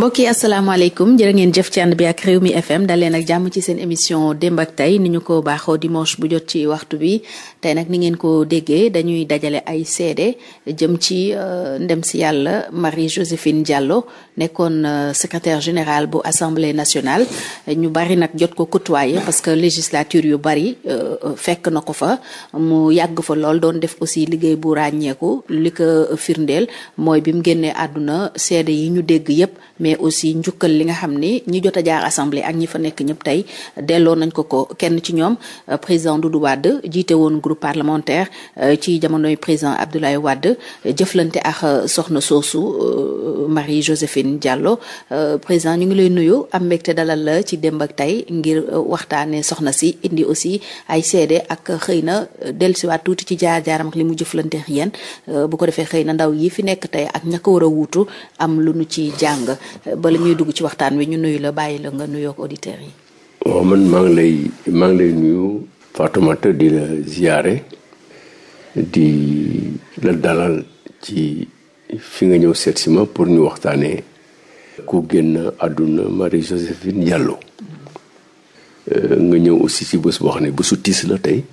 mbokk yi asalaamaaleykum jërë ngeen jëf ci ànd bi ak réew mi FM dal leen ak jàmm ci seen émission démb ak tey ni ñu ko baaxoo dimanche bu jot ci waxtu bi tey nag ni ngeen ko déggee dañuy dajale ay seede jëm ci uh, ndem si yàlla Marie Joséphine Diallo nekkoon euh, secretaire général bu assemblée nationale ñu bari nag jot ko côtoyer parce que législature yu bari uh, fekk na ko fa mu yàgg fa lool doon def aussi liggéey bu ràññeeku li ko firndeel mooy bi mu génnee àdduna seede yi ñu dégg yépp mais aussi njukkal li nga xam ni ñi jot a jaar assemblée ak ñi fa nekk ñëpp tey delloo nañ ko ko kenn ci ñoom euh, président du wadd jiite woon groupe parlementaire euh, ci jamonoy président Abdoulaye Wade jëflante ak euh, soxna soosu Marie Joséphine Diallo président ñu ngi lay nuyu am mbégte dalal la ci démb ak tey ngir waxtaanee soxna si indi aussi ay seede ak xëy na dellusiwaat tuuti ci jaar-jaaram ak li mu jëflante ak yéen bu ko defee xëy na ndaw yi fi nekk tey ak ña war a wuutu am lu nu ci jàng. bala ñuy dugg ci waxtaan wi ñu nuyu la bàyyi la nga nuyoog auditeurs yi. waaw man maa lay maa lay nuyu Fatoumata di la di la dalal ci fi nga ñëw seet si ma pour ñu waxtaanee. ku génn àdduna Marie Joséphine Diallo. Euh, nga ñëw aussi ci bés boo xam ne bésu tiis la tey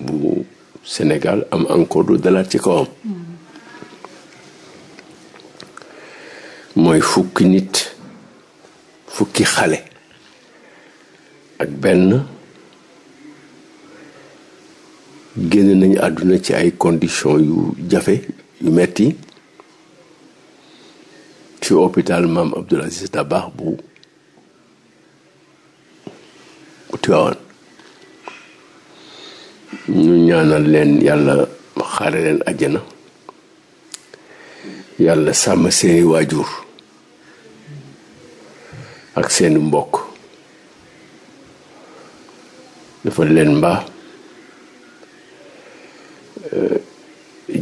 bu Sénégal am encore du dalaat ci kawam. mooy fukki nit fukki xale ak benn génn nañu àdduna ci ay condition yu jafe yu metti ci hôpital maam Abdoul Aziz Dabakh bu bu Tivaouane ñu ñaanal leen yàlla xare leen àjjana yàlla sàmm seeni waajur ak seeni mbokk dafa leen mbaa eh,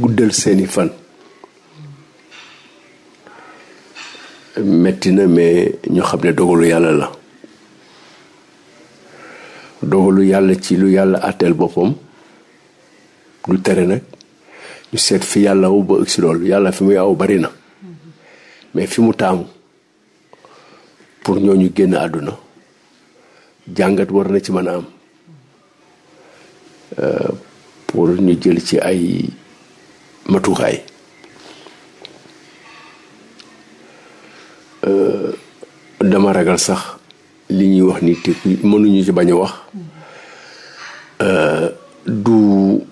guddal seeni fan metti na mais ñu xam ne dogalu yàlla la dogalu yàlla ci lu yàlla àtteel boppam du tere nag ñu seet fi yàlla aw ba ëgsi yàlla fi muy aw bari na mm-hmm. mais fi mu taamu pour ñoo ñu génn àdduna jàngat war na ci mën a am euh, pour ñu jël ci ay matukaay euh, dama ragal sax li ñuy wax ni te mënuñu ci bañ a wax euh, du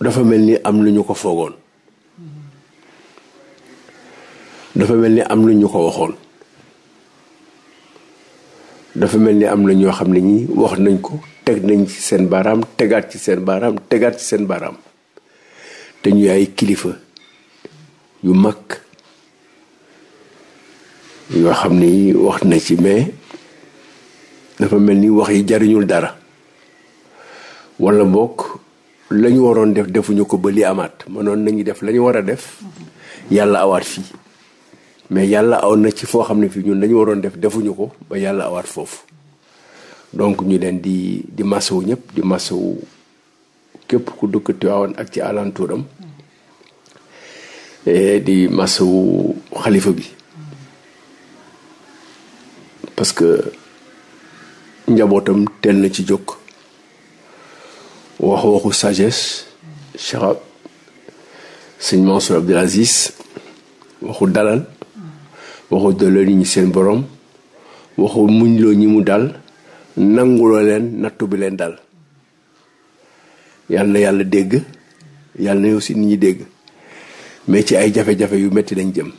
dafa mel ni am lu ñu ko foogoon dafa mel ni am lu ñu ko waxoon dafa mel ni am na ñoo xam ne ñi wax nañ ko teg nañ ci seen baaraam tegaat ci seen baaraam tegaat seen baaraam te ñuy ay kilifa yu mag yoo xam ni wax na ci mais dafa mel ni wax yi jariñul dara wala mbokk lañu waroon def defuñu ko ba li amaat mënoon nañu def lañu war a def yàlla awaat fii mais yàlla aw na ci foo xam ne fii ñun dañu waroon def defuñu ko ba yàlla awaat foofu donc ñu leen di di masawu ñëpp di masawu képp ku dëkk Tiwaawan ak ci alentuuram di masawu xalifa bi parce que njabootam teel na ci jóg wax waxu sagesse Cheikh sëñ Mansour Abdoul waxu dalal waxu delloo nit ñu seen borom waxu muñ loo ñi mu dal nanguloo leen nattu bi leen dal yàlla na yàlla dégg yàlla na yow si nit ñi dégg mais ci ay jafe-jafe yu metti lañ jëm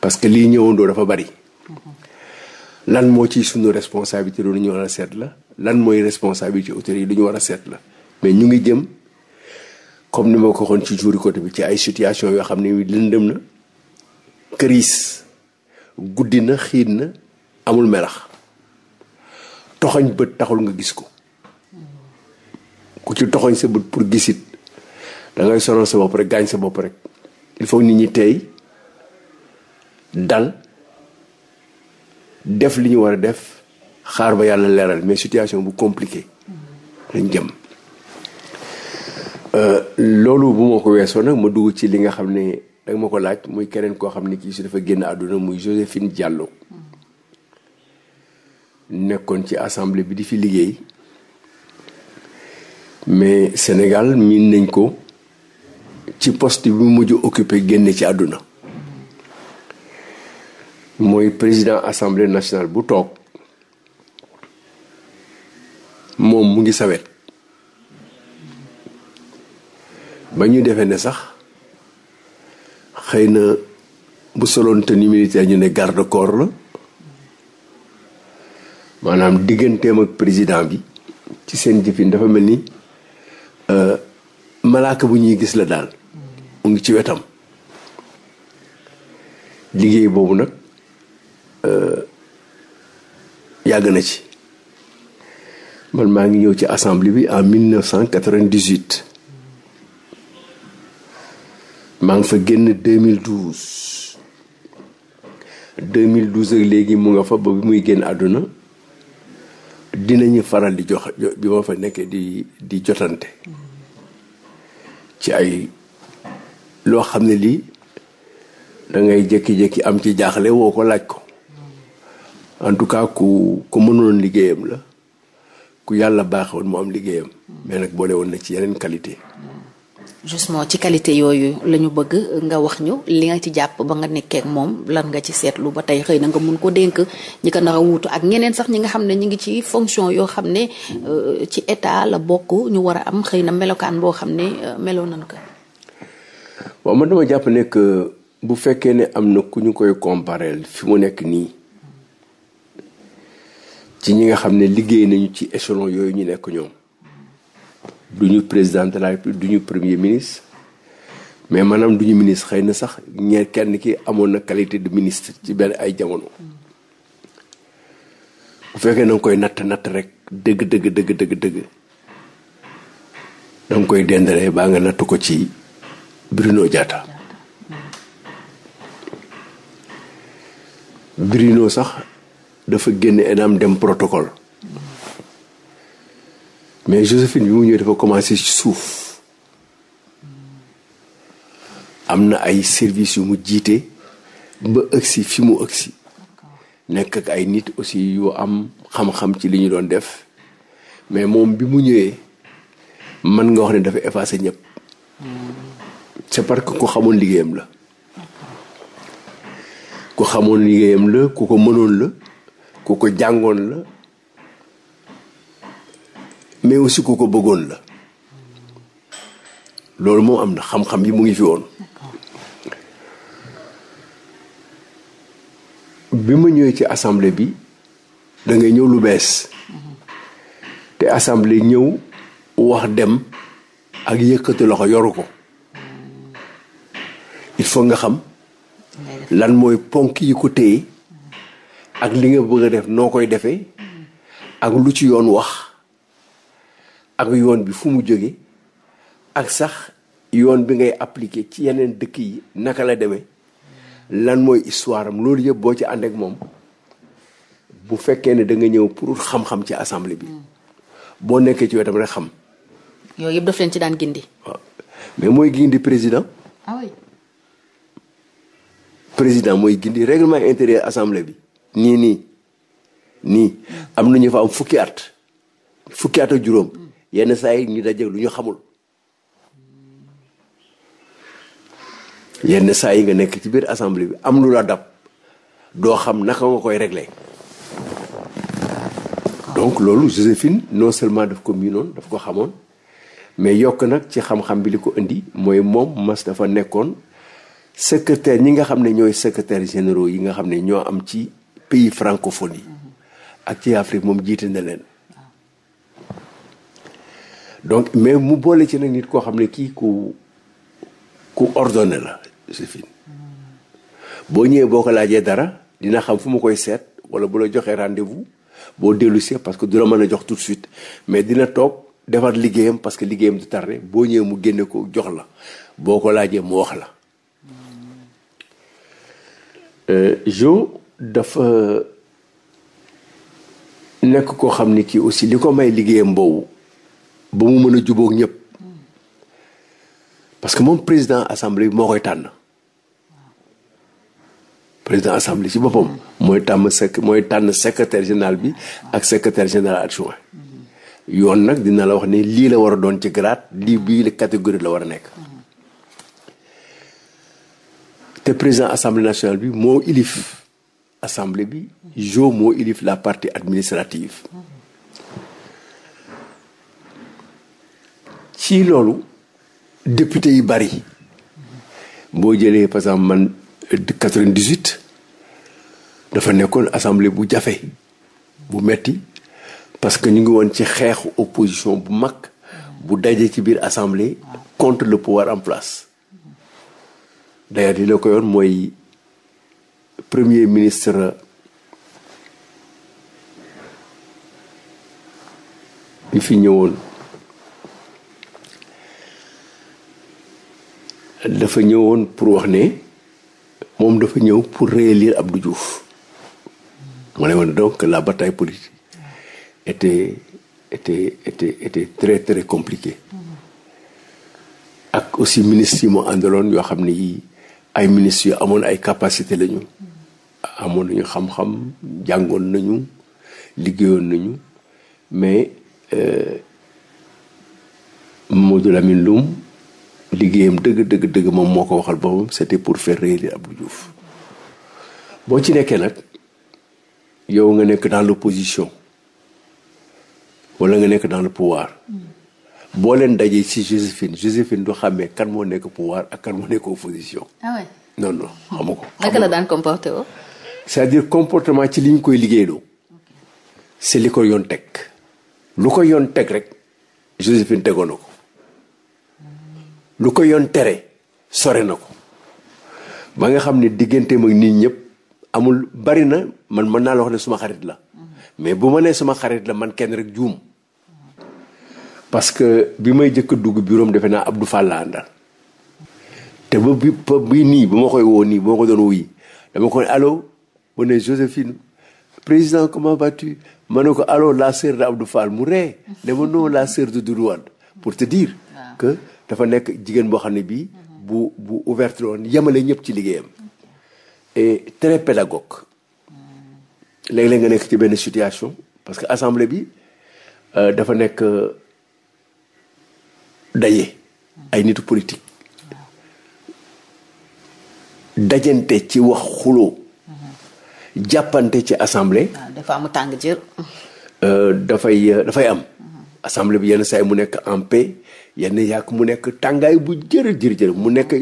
parce que lii ñëwandoo dafa bari lan moo ci suñu responsabilité lu ñu war a seet la lan mooy responsabilité autorités yi lu ñu war a seet la mais ñu ngi jëm comme ni ma ko waxoon ci juri bi ci ay situation yoo xam ne lëndëm na këriis guddi na xiit na amul melax toxoñ bët taxul nga gis ko ku ci toxoñ sa bët pour gisit dangay ngay sonal sa bopp rek gaañ sa bopp rek il faut nit ñi tey dal def li ñu war a def xaar ba yàlla leeral mais situation bu compliquée lañ jëm euh, loolu bu ma ko weesoo nag ma dugg ci li nga xam ne da nga ma ko laaj muy keneen koo xam ne kii si dafa génn àdduna muy Joséphine Diallo nekkoon ci assemblée bi di fi liggéey mais Sénégal miin nañ ko ci post bi mu mujj occupé génne ci àdduna mooy président assemblée nationale bu toog moom mu ngi sawet ba ñu defee ne sax xëy na bu soloon tenue militaire ñu ne garde corps la maanaam digganteem ak président bi ci seen jëfin dafa mel ni euh, malaaka bu ñuy gis la daal mu ngi ci wetam liggéey boobu nag euh, yàgg na ci man maa ngi ñëw ci assemblée bi en 1998 maa ngi fa génn 2012 2012 ak léegi mu nga fa ba bi muy génn àdduna dinañu faral di jox bi ma fa nekkee di di jotante ci ay loo xam ne lii dangay ngay jékki am ci jaaxle woo ko laaj ko en tout cas ku ku mënoon liggéeyam la ku yàlla baaxoon mu am liggéeyam mais nag boole woon na ci yeneen qualité justement ci qualité yooyu la ñu bëgg nga wax ñu li nga ci jàpp ba nga nekkee moom lan nga ci seetlu ba tey xëy na nga mun ko dénk ñi ko nar a ak ñeneen sax ñi nga xam ne ñi ngi ci fonction yoo xam ne euh, ci état la bokk ñu war a am xëy na melokaan boo xam ne euh, meloo nañ ko. waaw jàpp ne que bu fekkee ne am na ku ñu koy compareel fi mu nekk nii ci ñi nga xam ne liggéey nañu ci échelon yooyu ñu nekk ñoom. du ñu président de la république du premier ministre mais maanaam duñu ministre xëy na sax ñeer kenn ki amoon na qualité de ministre ci benn ay jamono bu fekkee da nga koy natt natt rek dëgg dëgg dëgg dëgg dëgg da nga koy dendalee baa nga natt ko ci Bruno jaata Bruno sax dafa génn enam dem protocole mais Joséphine bi mu ñëwee dafa commencé suuf am na ay services yu mu jiite ba ëgsi fi mu ëgsi nekk ak ay nit aussi yu am xam-xam ci li ñu doon def mais moom bi mu ñëwee mën nga wax ne dafa effacé ñëpp c'est parce que ku xamoon liggéeyam la ku xamoon liggéeyam la ku ko mënoon la ku ko jàngoon la mais aussi ko bëggoon la loolu moom am na xam-xam yi mu ngi fi woon bi ma ñëwee ci assemblée bi da ngay ñëw lu bees te assemblée ñëw wax dem ak yëkkati loxo yoru ko il faut nga xam lan mooy ponk yi ko téye ak li nga bëgg a def noo koy defee ak lu ci yoon wax ak yoon bi fu mu jóge ak sax yoon bi ngay appliquer ci yeneen dëkk yi naka la demee lan mooy histoire am loolu yëpp boo ci ànd moom bu fekkee ne da nga ñëw pour xam-xam ci assemblée bi mm. boo nekkee ci wetam rek xam. yooyu yëpp daf leen ci daan gindi. mais mooy gindi président. Ah président mooy gindi règlement intérieur assemblée bi. nii nii nii mm. am na ñu fa fukki at fukki at ak juróom. Mm. yenn saa yi ñu daje lu ñu xamul yenn saa yi nga nekk ci biir assemblée bi am lu la dab doo xam naka nga koy régler donc loolu Joséphine non seulement daf ko miinoon daf ko xamoon mais yokk nag ci xam-xam bi li ko indi mooy moom mas dafa nekkoon secretaire ñi nga xam ne ñooy secretaire généraux yi nga xam ne ñoo am ci pays francophonie ak ci Afrique moom jiite na leen donc mais mu boole ci nag nit koo xam ne kii ku ku ordonné la c'est fini boo ñëwee boo ko laajee dara dina xam fu mu koy seet wala bu la joxee rendez-vous boo dellusee parce que du la mën a jox tout de suite mais dina toog defar liggéeyam parce que liggéeyam du tardé boo ñëwee mu génne ko jox la boo ko laajee mu wax la. Euh, jo dafa euh, nekk koo xam ne kii aussi li ko may liggéeyam boobu ba mu mën a jubóog ñëpp parce que moom président assemblée bi moo koy tànn président assemblée si boppam mooy tàmm mooy tànn secretaire général bi ak secretaire général adjoint yoon nag dina la wax ni lii la war a doon ci grade lii bii la catégorie la war a nekk te président assemblée nationale bi moo ilif assemblée bi jo moo ilif la partie administrative ci loolu député yi bari boo jëlee par exemple man 98 dafa nekkoon assemblée bu jafe bu metti parce que ñu ngi woon ci xeexu opposition bu mag bu daje ci biir assemblée contre le pouvoir en place d'ailleurs li la ko yoon mooy premier ministre bi fi ñëwoon dafa ñëwoon pour wax ne moom dafa ñëw pour réélire Abdou Diouf mu ne woon donc la bataille politique était était était était très très compliquée ak aussi ministres yi moo àndaloon yoo xam ne yi ay ministres yoo amoon ay capacité lañu amoon nañu xam-xam jàngoon nañu liggéeyoon nañu mais euh, Mamadou Lamine Loum liggéeyam dëgg dëgg dëgg moom moo ko waxal boppam c'était pour faire réélire Abdou Diouf boo ci nekkee nag yow nga nekk dans position wala nga nekk dans le pouvoir boo leen dajee ci Joséphine Joséphine du xàmmee kan moo nekk pouvoir ak kan moo nekk opposition. Ah non non xamu ko. naka la daan comporté c'est-à-dire comportement ci li ñu koy liggéeyloo. c'est li ko yoon teg. lu ko yoon teg rek Joséphine tegoon na ko. lu ko yoon tere sore na ko ba nga xam ne digganteem ak nit ñëpp amul bari na man mën naa la wax ne suma xarit la mais bu ma nee suma xarit la man kenn rek juum parce que bi may jëkk dugg bureau defe naa Abdou Fall la àndal te ba bi ba bii nii bu ma koy woo nii bu ma ko doon wuy dama ko ne allo mu ne Joséphine président comment vas ma ne ko allo la sœur de Abdou Fall mu ree dama noo la sœur de Doudou Wade pour te dire dafa nekk jigéen boo xam ne bii bu bu ouverte woon yemale ñëpp ci liggéeyam et très pédagogue léeg-léeg nga nekk ci benn situation parce que assemblée bi euh, dafa nekk euh, daje ay nitu politique dajante ci wax xuloo jàppante ci assemblée. Ah, dafa am tàng jër. Euh, dafay dafay am. assemblée bi yenn saa yi mu nekk en paix yenn yàq mu nekk tàngaay bu jër jërë jërë mu nekk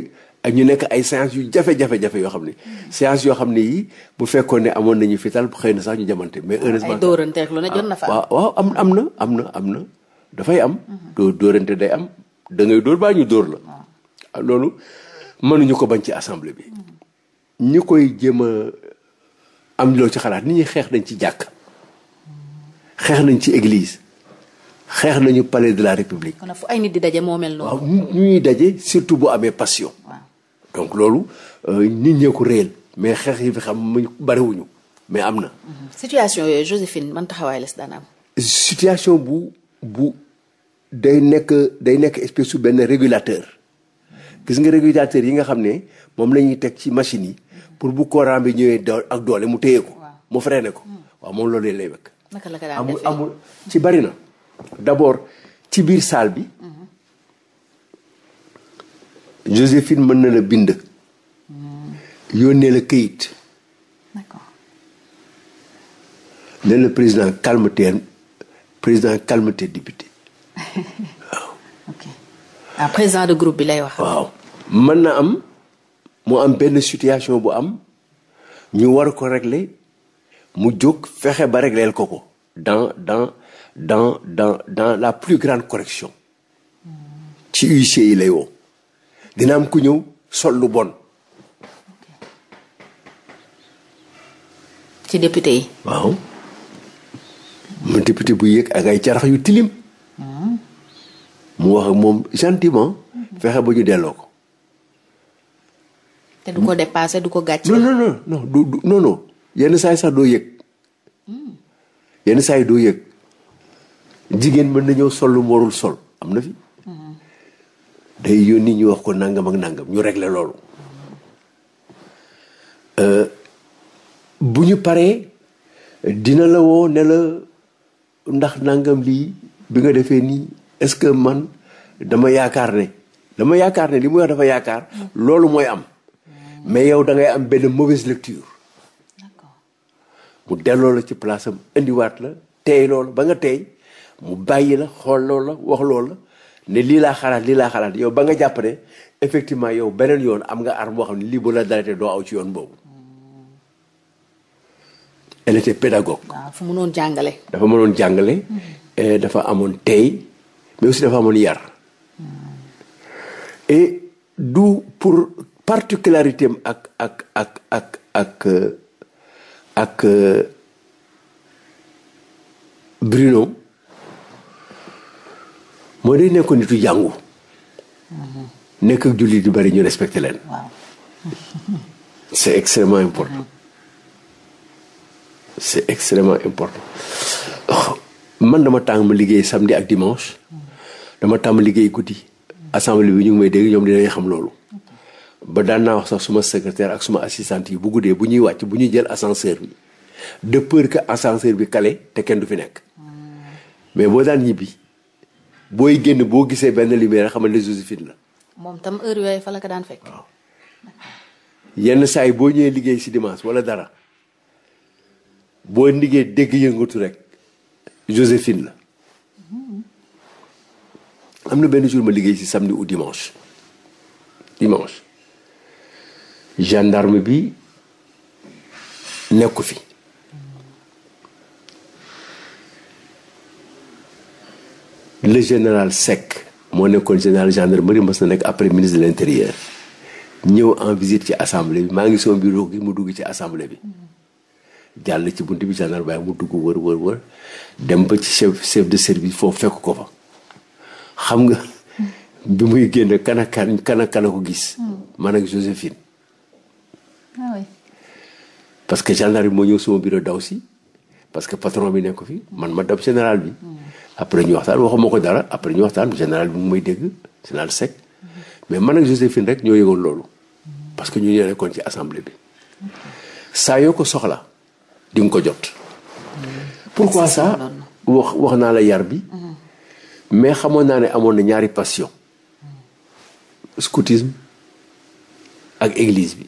ak ñu nekk ay séance yu jafe-jafe jafe yoo xam ne mm. séance yoo xam ne yi bu fekkoon ne amoon nañu fital xëy na sax ñu jamante mais heureusement ay dóorante ak lu ne na fa ah, waaw waaw am am na am na am na dafay am mm-hmm. doo day am da ngay dóor baa ñu dóor la ah. Ah, loolu mënuñu ko bañ ci assemblée bi mm-hmm. ñu koy jéem a am loo ci xalaat nit ñi xeex nañ ci jàkk mm-hmm. xeex nañ ci église xeex nañu pale de la république. kon fu ay nit moo mel noonu. waaw ñuy daje surtout bu amee passion. donc loolu euh, nit ñee ko réel mais xeex yi fi xam mu bariwuñu mais am na. Mhm. situation yooyu Joséphine man taxawaay la si am. situation bu bu day nekk day nekk espèce su benn régulateur gis nga régulateur yi nga xam ne moom la ñuy teg ci machine yi pour bu courant bi ñëwee do ak doole mu téye ko. mu freiné ko hmm. waaw moom loolu lay wekk. amul amul ci bari na. d'abord ci biir saal bi Joséphine mën na la bind yónnee la këyit ne la président calme président calme-toi député waaw lay wax mën na am mu am benn situation bu am ñu war ko régler mu jóg fexe ba régleel ko ko dans dans dans dans dans la plus grande correction ci huissier yi lay woo dina am ku ñëw sol lu bon. ci député yi. waaw mu député bu yéeg ak ay carax yu tilim. mu wax ak moom gentiment. fexe ba ñu delloo ko. te du ko dépassé du ko gàcce. non non yenn saay yi sax doo yëg. Hmm. yenn saa doo yëg. jigéen mën na ñëw sol lu mu warul sol am na fi. day yónni ñu wax ko nangam ak nangam ñu régler loolu. Euh, bu ñu paree dina la woo ne la ndax nangam lii bi nga defee nii est-ce que man dama yaakaar ne dama yaakaar ne li muy wax dafa yaakaar loolu mooy am mais yow da ngay am benn mauvaise lecture. mu delloo la ci place indiwaat la tey loolu ba nga tey. mu bàyyi la xool lool la wax loolu la ne lii laa xalaat lii laa xalaat yow ba nga jàpp ne effectivement yow beneen yoon am nga arme boo xam ne lii bu la dalatee doo aw ci yoon boobu. elle était pédagogue. waaw ah, dafa mënoon jàngale. dafa mënoon jàngale. Mm-hmm. Eh, dafa amoon tey mais aussi dafa amoon yar. Mm. et du pour particularité ak ak ak ak ak euh, Bruno. moo day nekkoon nitu jàngu nekk ak jullit yu bari ñu respecté leen c'est extrêmement important c'est extrêmement important man dama tàng ma liggéey samedi ak dimanche dama tàmm liggéey guddi assemblée bi ñu ngi may dégg ñoom dinañ xam loolu ba daan naa wax sax suma secretaire ak suma assistante yi bu guddee bu ñuy wàcc bu ñuy jël ascenseur bi de peur que ascenseur bi kale te kenn du fi nekk hmm. mais boo daan ñibbi booy génn boo gisee benn lumière xamal ne Joséphine la. moom tam heure yooyu fa la ko daan fekk. waaw yenn saa yi boo ñëwee liggéey si dimanche wala dara boo liggéey dégg yëngatu rek Joséphine la. Mm-hmm. am na benn jour ma liggéey si samedi ou dimanche dimanche gendarme bi nekku fi. le général sec moo nekkoon général gendarmerie mas na nekk après ministre de l' ñëw en visite ci assemblée bi maa ngi sama bureau gi mu dugg ci assemblée bi jàll ci bunt bi gendarme bàyyi mu dugg wër wër wër dem ba ci chef chef de service foofu fekk ko fa xam nga bi muy génn kan ak kan kan ak kan a ko gis hmm. man ak Joséphine ah parce que gendarme moo ñëw sama bureau daw si parce que patron bi nekk ko fi man ma dab général bi hmm. après ñu waxtaan waxuma ko dara après ñu waxtaan général bi mu may dégg général Seck mais man ak Joséphine rek ñoo yëgoon loolu parce que ñu ñoo nekkoon ci assemblée bi saa yoo ko soxla di ko jot. pourquoi ça wax wax naa la yar bi. mais xamoon naa ne amoon na ñaari passion scoutisme ak église bi.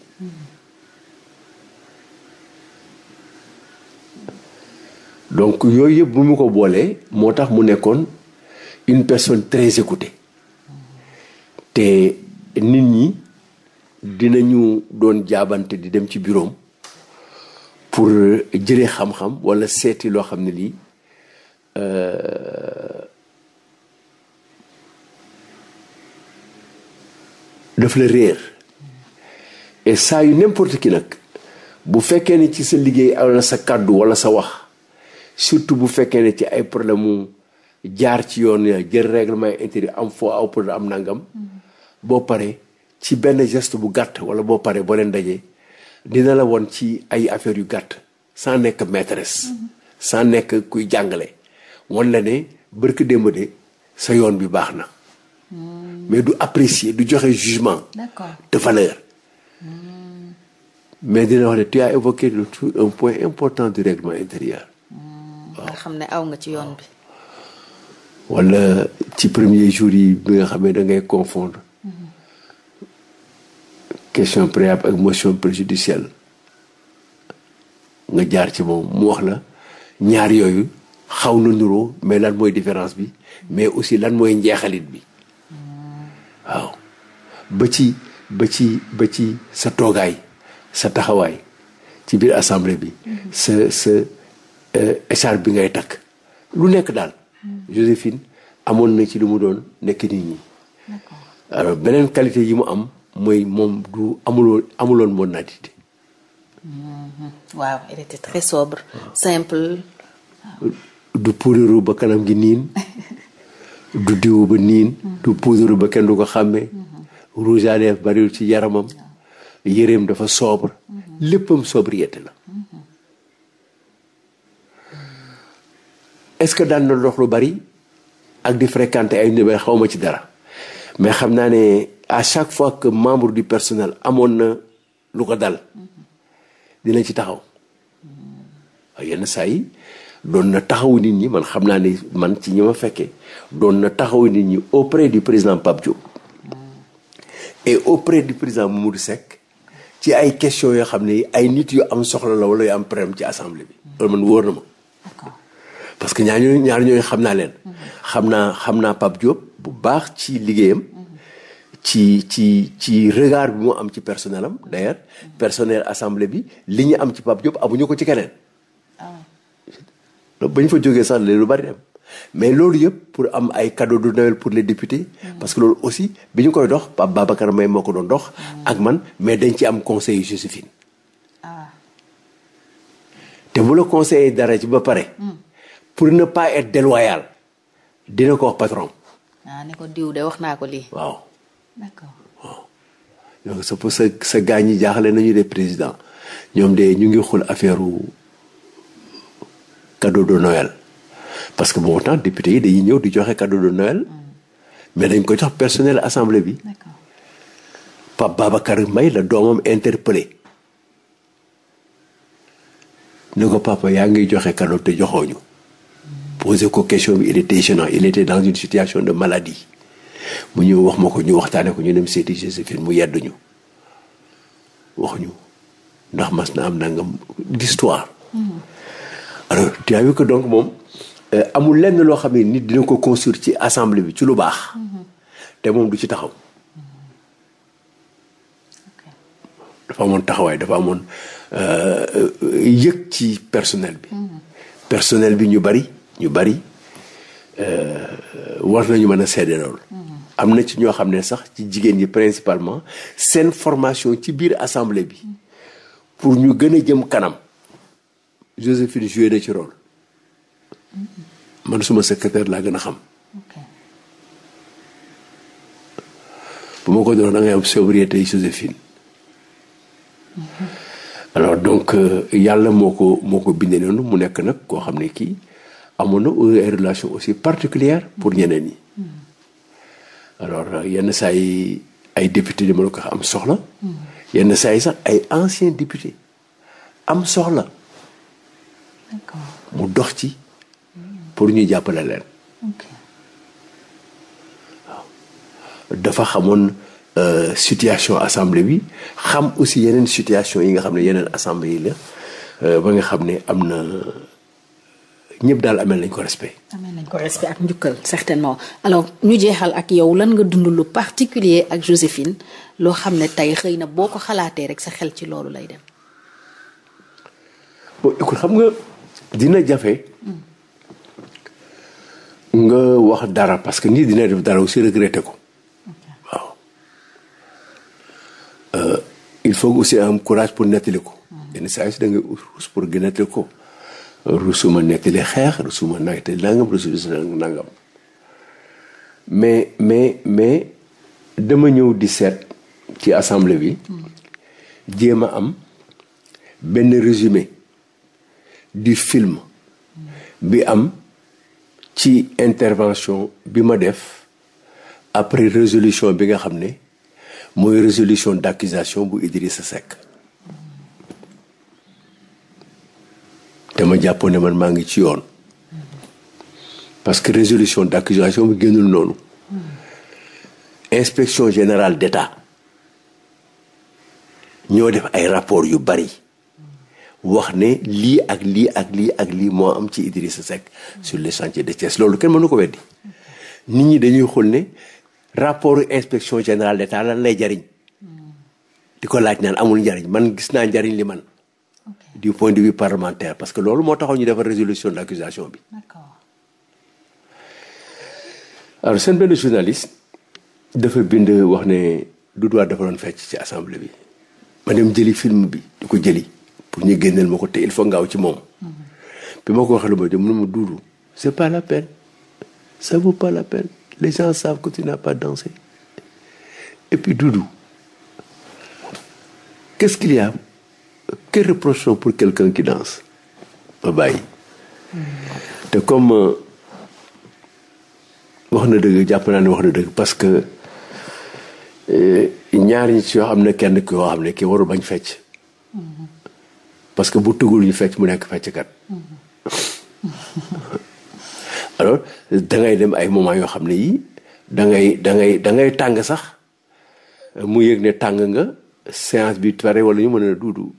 donc yooyu yëpp bu mu ko boolee moo tax mu nekkoon une personne très écoutée te nit ñi dinañu doon jaabante di dem ci bureau pour jëlee xam-xam walla seeti loo xam ne lii euh, daf la réer et saa yu n'importe ki nag bu fekkee ne ci sa liggéey am na sa kàddu walla sa wax surtout bu fekkee ne ci ay problème mu jaar ci yoon ya jël règlement intérieur am foo aw pour am nangam boo paree ci benn geste bu gàtt wala boo paree boo leen dajee dina la woon ci ay affaires yu gàtt sans nekk maîtresse sans nekk kuy jàngale wan la ne bërk démb de sa yoon bi baax na mais du apprécier du joxe jugement de valeur hmm. mais dina wax ne tu as évoqué le tout un point important du règlement intérieur nga xam ne aw nga ci yoon wala ci premier jour yi bi nga xamee dangay da ngay confondre question préalable ak motion préjudicielle nga jaar ci moom mu wax la ñaar yooyu xaw na nuroo mais lan mooy différence bi mais aussi lan mooy njeexalit bi waaw ba ci ba ci ba ci sa toogaay sa taxawaay ci biir assemblée bi mm-hmm. sa sa Eh, écharpe bi ngay takk lu nekk daal. Hmm. Joséphine amoon na ci lu mu doon nekk nit ñi. alors beneen qualité yi mu am mooy moom du amuloo amuloon monadité. Hmm. waaw elle du puudaru ba kanam gi niin du diwu ba niin hmm. du puudaru ba kenn du ko xàmmee rouge à lèvres bariwul ci yaramam yéreem dafa sobre léppam sobriété la est-ce que daan na dox lu bari ak di fréquenter ay nit xaw ma ci dara mais xam naa ne à chaque fois que membre du personnel amoon na lu ko dal dina ci taxaw yenn saa yi doon na taxawu nit ñi man xam naa ni man ci ñi ma fekkee doon na taxawu nit ñi auprès du président Pape Diop et auprès du président du Seck ci ay questions yoo xam ne ay nit yu am soxla la wala yu am problème ci assemblée bi. loolu man wóor na ma. parce que ñaar ñooñu ñaar ñooñu xam naa leen. xam naa xam naa Pape Diop bu baax ci liggéeyam. ci ci ci regard bi mu am ci personnel am d'ailleurs personnel assemblée bi li ñu am ci Pape Diop amuñu ko ci keneen. donc ah. ba ñu fa jógee sax lu bari dem mais loolu yëpp pour am ay cadeau de Noël pour les députés. Mm. parce que loolu aussi bi ñu koy dox Pape Babacar Mbaye moo ko doon dox. Mm. ak man mais dañ ci am conseil Joséphine. Ah. te bu la conseiller dara ci ba pare. Mm. pour ne pas être dina ko wax patron. ah ne ko diw de wax naa ko lii. waaw. d'accord waaw. sa gaañ yi jaaxle nañu de président ñoom de ñu ngi xool affaire cadeau de Noël parce que boobu temps député yi dañuy ñëw di joxe cadeau de Noël. Mm. mais dañ ko jox personnel assemblée bi. d'accord Pape Babacar la doomam interpellé. ne ko papa yaa ngi joxe cadeau te joxooñu posé ko question bi il était gênant il était dans une situation de maladie mu ñëw wax ma ko ñu waxtaane ko ñu ne dem seeti Joséphine mu yedduñu wax ñu ndax mas na am nangam d'histoire mm-hmm. alors tu as vu donc moom euh, amul lenn loo xam ne nit dina ko construire ci assemblée bi ci lu baax mm-hmm. te moom du ci taxaw mm-hmm. dafa amoon taxawaay dafa amoon euh, euh, yëg ci personnel bi personnel bi ñu bari ñu bari euh, war nañu mën a seede loolu mm-hmm. am na ci ñoo xam ne sax ci jigéen ñi principalement seen formation ci biir assemblée bi pour ñu gën a jëm kanam Joséphine joué na mm-hmm. man suma secrétaire laa gën a xam bu ma ko doon da ngay am sobriété Joséphine mm-hmm. alors donc euh, yàlla moo ko moo ko bindee noonu mu nekk nag koo xam ne kii amoon na ay relation aussi particulière pour ñeneen ñi alors euh, yenn saa yi ay député di mën ko am soxla yenn saa yi sax ay anciens députés am soxla mu dox ci pour ñuy jàppale leen dafa xamoon euh, situation assemblée bi xam aussi yeneen situation yi nga xam ne yeneen assemblée yi la euh, ba nga xam ne am na ñépp daal amel nañ ko respect. nañ ko respect ak njukkal certainement alors ñu jeexal ak yow lan nga dund lu particulier ak Joséphine loo xam ne tey xëy na boo ko xalaatee rek sa xel ci loolu lay dem. bon écoute xam nga dina jafe. nga wax dara parce que nii dina def dara aussi euh, il faut aussi am courage pour nettali ko. Mm. yenn saa yi da ngay us pour gën nettali ko. rusuma nettali xeex rusuma nettali nangam rusuma nangam mais mais mais dama ñëw di seet ci assemblée bi jéem a am benn résumé di film bi am ci intervention bi ma def après résolution bi nga xam ne mooy résolution d' accusation bu Idrissa Seck dama jàppoon ne man maa ngi ci yoon parce que résolution d'accusation bi génnul noonu inspection générale d'État ñoo def ay rapport yu bari wax ne lii ak lii ak lii ak lii moo am ci Idrissa Seck sur les chantiers de Thiès loolu kenn nu ko weddi nit ñi dañuy xol ne rapport inspection générale d'État lan lay jariñ di ko laaj naan amul njariñ man gis naa njariñ li man du point de vue parlementaire parce que loolu moo taxoon ñu defar résolution d'accusation bi. d'accord. alors seen benn journaliste dafa bind wax ne Doudou Wade dafa doon fecc ci assemblée bi ma dem jëli film bi di ko jëli pour ñu génneel ma ko te il faut ngaaw ci moom. Mhm. bi ma ko waxee lu ma jëm mu Doudou c'est par la peine ça vaut pas la peine les gens savent que tu n'as pas dansé et puis Doudou qu'est-ce qu'il que reprochons pour quelqu'un qui danse bàyyi te comme euh, wax na dëgg jàpp naa ne wax na dëgg parce que euh, ñaar ñi ci yoo xam ne kenn koo xam ne ki warul bañ fecc parce que bu tugul ñu fecc mu nekk fecckat alors dangay dem ay moment yoo xam ne yii dangay dangay dangay tàng sax mu yëg ne tàng nga séance bi pare wala ñu mën a duudu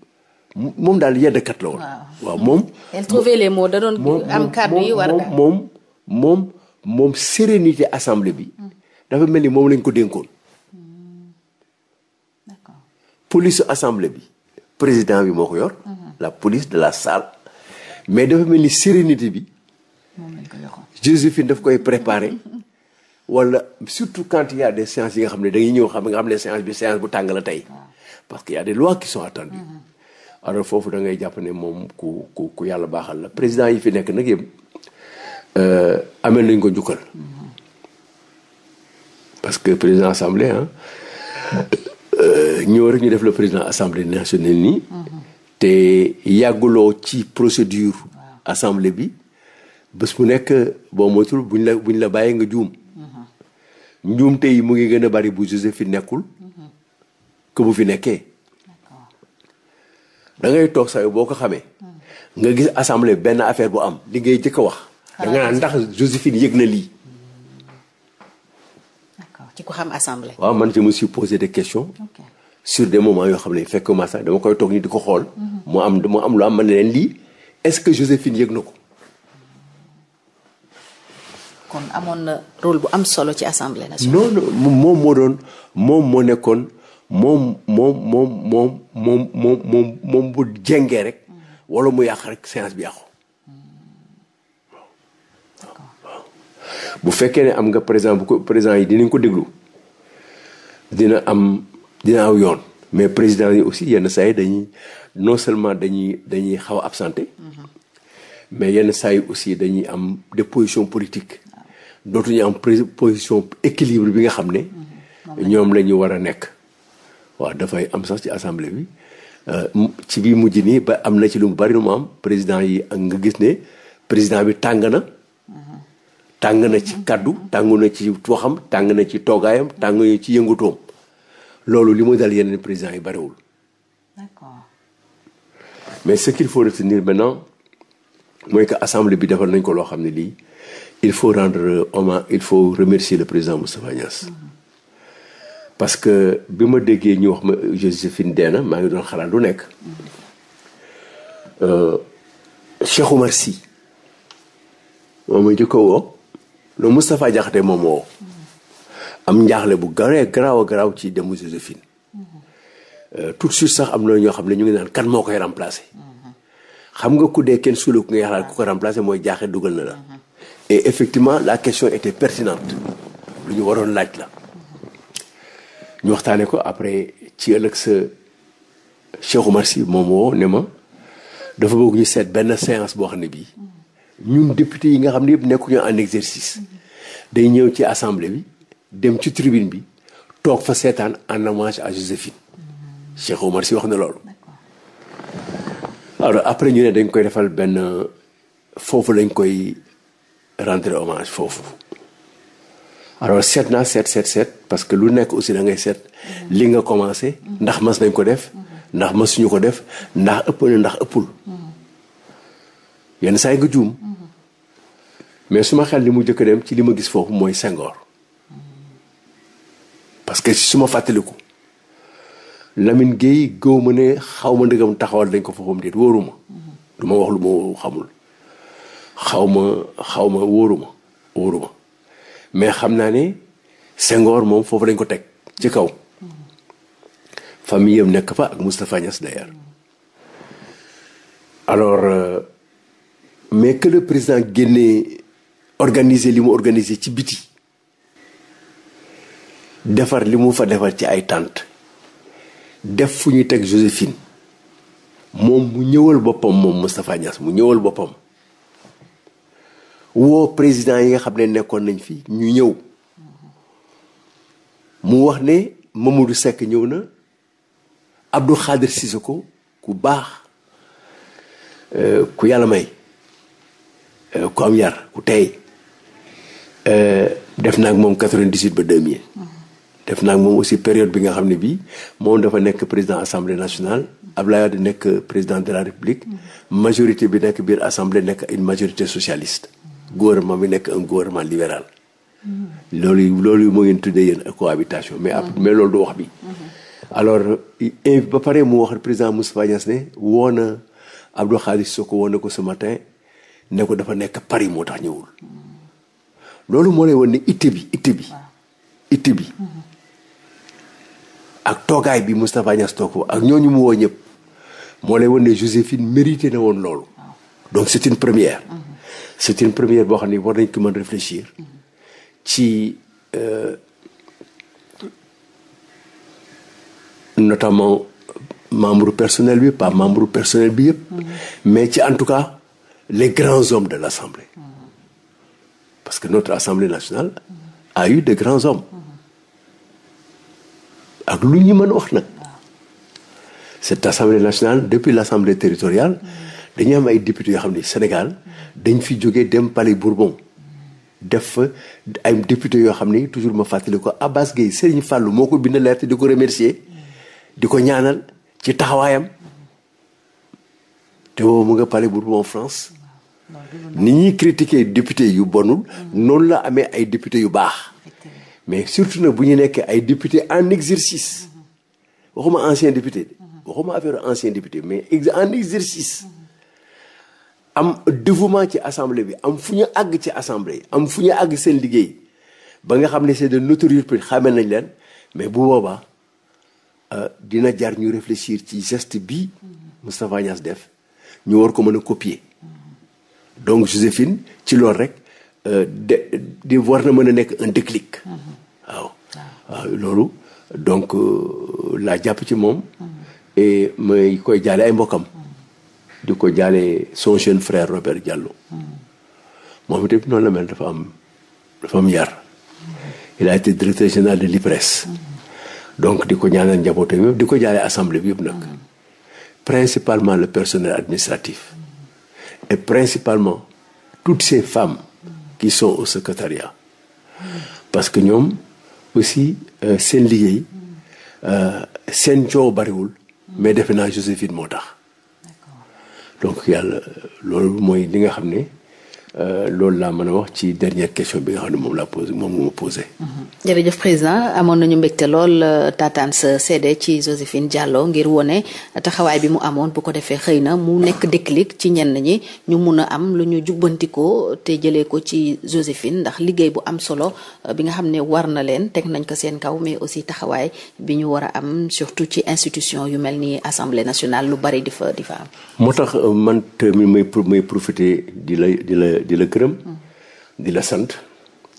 moom daal yeddkat la woon. waaw moom. elle trouvait les mots da doon am kàddu moom moom moom moom sérénité assemblée bi. Hmm. dafa mel ni moom lañ ko dénkoon. Hmm. d'accord police assemblée bi président bi moo ko yor. Hmm. la police de la salle. mais dafa mel ni sérénité bi. moom lañ ko joxoon Joséphine daf koy préparer. wala surtout quand il y a des séances yi nga xam ne dañuy ñëw xam nga xam ne séance bi séance bu tàng la tey. parce que y a des lois qui sont alors foofu da ngay jàpp ne moom ku ku yàlla baaxal la président yi fi nekk nag yëpp euh, amel nañ ko njukkal parce que président assemblée ah ñëw rek ñu def le président assemblée nationale nii te yàgguloo ci procédure assemblée bi bés bu nekk boo moytul buñ la buñ la bàyyee nga juum njuum tey mu ngi gën a bari bu Joséphine nekkul mm-hmm. que bu fi nekkee da ngay toog saa boo ko xamee. nga gis assemblée benn affaire bu am li ngay jëkk a wax. da nga ndax Joséphine yëg na lii. ci ko xam assemblée. waaw man je me suis de question questions. de sur des moments yoo xam ne fekk ma sax dama koy toog ni di ko xool. mu am mu am lu am ma ne leen lii est-ce que Joséphine yëg na ko. kon amoon na rôle bu am solo ci assemblée nationale. non non moom moo doon moom moo nekkoon. moom moom moom moom moom moom moom moom bu jengee rek wala mu yàq rek séance bi yàqu bu fekkee ne am nga président bu ko président yi dinañ ko déglu dina am dina yoon mais président yi aussi yenn saa yi dañuy non seulement dañuy dañuy xaw a absenté mm-hmm. mais yenn saa yi aussi dañuy am des positions politiques ah. dootuñu am position équilibre bi nga xam ne mm-hmm. ñoom la ñu war a nekk waaw dafay am sax ci assemblée bi euh, ci bi mujj nii ba am na ci lu mu bari lu mu am président yi ak nga gis ne président bi tàng na. tàng na ci kaddu tàng na ci waxam tàng na ci toogaayam tàng na ci yëngutoom loolu li mu dal yeneen président yi bariwul. d'accord. mais ce qu'il faut retenir maintenant mooy que assemblée bi defal nañ ko loo xam ne lii il faut rendre hommage il faut remercier le président Moustapha Niass. parce que bi ma déggee ñu wax ma Joséphine dee na maa ngi doon xalaat lu nekk euh, Cheikh Oumar Sy moom ma jëkko woo loolu Moustapha Diakhaté moom woo am njaaxle bu garee garaaw a garaaw ci demu Joséphine euh, tout de suite sax am na ñoo xam ne ñu ngi naan kan moo koy remplacer xam nga ku dee kenn suula ku ngay xalaat ku ko remplacer mooy jaaxee dugal na la et effectivement la question était pertinente lu ñu waroon laaj la ñu waxtaanee ko après ci ëllëg sa Cheikh Oumar moom woo ne ma dafa bëgg ñu seet benn séance boo xam ne bii ñun député yi nga xam ne yëpp nekkuñu en exercice day ñëw ci assemblée bi dem ci tribune bi toog fa seetaan en hommage à Joséphine Cheikh Oumar wax na loolu. alors après ñu ne dañ koy defal benn foofu lañ koy rendre hommage foofu. alors seet naa seet seet seet parce que lu nekk aussi da ngay seet li nga commencé ndax mas nañ ko def ndax masuñu ko def ndax ëpp na ndax ëppul yenn saa yi nga juum mais suma xel li mu jëkk dem ci li ma gis foofu mooy Senghor parce que su ma fàttaliku Lamine Gueye gëw ma ne xaw ma ndëgam taxawal dañ ko foofam déet wóoruma du ma wax lu ma xamul xaw ma xaw ma wóoruma wóoruma mais xam naa ne sengoor moom foofu lañ ko teg ci kaw famille nekk fa ak Moustapha Niass d'ailleurs alors euh, mais que président génnee organiser li mu organiser ci biti defar li mu fa defar ci ay tànt def fu ñuy teg Joséphine moom mu ñëwal boppam moom Moustapha Niass mu ñëwal boppam woo président yi nga xam ne nekkoon nañ fii ñu ñëw mu wax ne Mamadou sekk ñëw na Abdou Khadir Sissoko ku baax ku yàlla may ku am yar ku tey def naa ak moom 98 ba 2000. def naa ak moom aussi période bi nga xam ne bii moom dafa nekk président assemblée nationale Abdoulaye du nekk président de la république mm-hmm. majorité bi nekk biir assemblée nekk une majorité socialiste. gouvernement bi nekk un gouvernement libéral. loolu loolu moo ngeen tuddee yéen cohabitation. mais après mais loolu du wax bi. alors ba pare mu wax président Moustapha Niasse ne woo na Abdou Khadir Soko woo na ko ce matin ne ko dafa nekk Paris moo tax ñëwul. loolu moo lay woon ne itte bi itte bi. itte bi. ak toogaay bi Moustapha Niasse toog ak ñooñu mu woo ñëpp moo lay woon ne Joséphine mérité na woon loolu. donc c'est première. c'est une première boo xam ne war nañ ko mën réfléchir ci euh, notamment membre personnel bi pas membre personnel bi yëpp mais ci en tout cas les grands hommes de l'Assemblée parce que notre Assemblée nationale a eu de grands hommes ak lu ñu mën wax nag cette Assemblée nationale depuis l'Assemblée territoriale dañuy am ay députés yoo xam ne Sénégal dañ fi jógee dem Palais Bourbon def fa ay députés yoo xam ne toujours ma fàttali ko Abbas Gueye Serigne fàllu moo ko bind lettre di ko remercier di ko ñaanal ci taxawaayam te boobu mu nga Palais Bourbon France ni ñuy critiquer député yu bonul noonu la amee ay député yu baax mais surtout na bu ñu nekkee ay député en exercice waxuma ancien député waxuma affaire ancien député mais en exercice am dévouement ci assemblée bi am fu ñu àgg ci assemblée am fu ñu àgg seen liggéey ba nga xam ne c'est de notoriété xamee nañ leen mais bu boobaa euh, dina jar ñu réfléchir ci geste bi Moustapha Niass def ñu war ko mën a copier donc Joséphine ci loolu rek euh, de di war na mën a nekk un déclic. waaw loolu donc euh, laa jàpp ci moom. Mm-hmm. et may koy jaale ay mbokkam. di ko jaalee son jeune frère Robert Diallo moom itamit noonu la mel dafa am dafa am yar il a été directeur général de l'IPRES donc di ko ñaanal njabootam yëpp di ko jaalee assemblée bi yëpp nag principalement le personnel administratif et principalement toutes ces femmes qui sont au secrétariat parce que ñoom aussi euh, seen liggéey euh, seen coow bariwul mais defe naa Joséphine moo tax donc yàlla loolu mooy li nga xam ne Euh, loolu laa mën a wax ci dernière question bi nga xam ne moom laa posé moom nga ma posé. Mm-hmm. jërëjëf président amoon nañu mbégte lool euh, taataan sa seede ci Joséphine Diallo ngir wone taxawaay bi mu amoon bu ko defee xëy na mu nekk déclic ci ñenn ñi ñu mun a am lu ñu jubbantikoo te jëlee ko ci Joséphine ndax liggéey bu am solo euh, bi nga xam ne war na leen teg nañ ko seen kaw mais aussi taxawaay bi ñu war a am surtout ci institution yu mel ni assemblée nationale lu bari di fa di fa am. moo tax man tamit may may profité di la di la. di la gërëm di la sant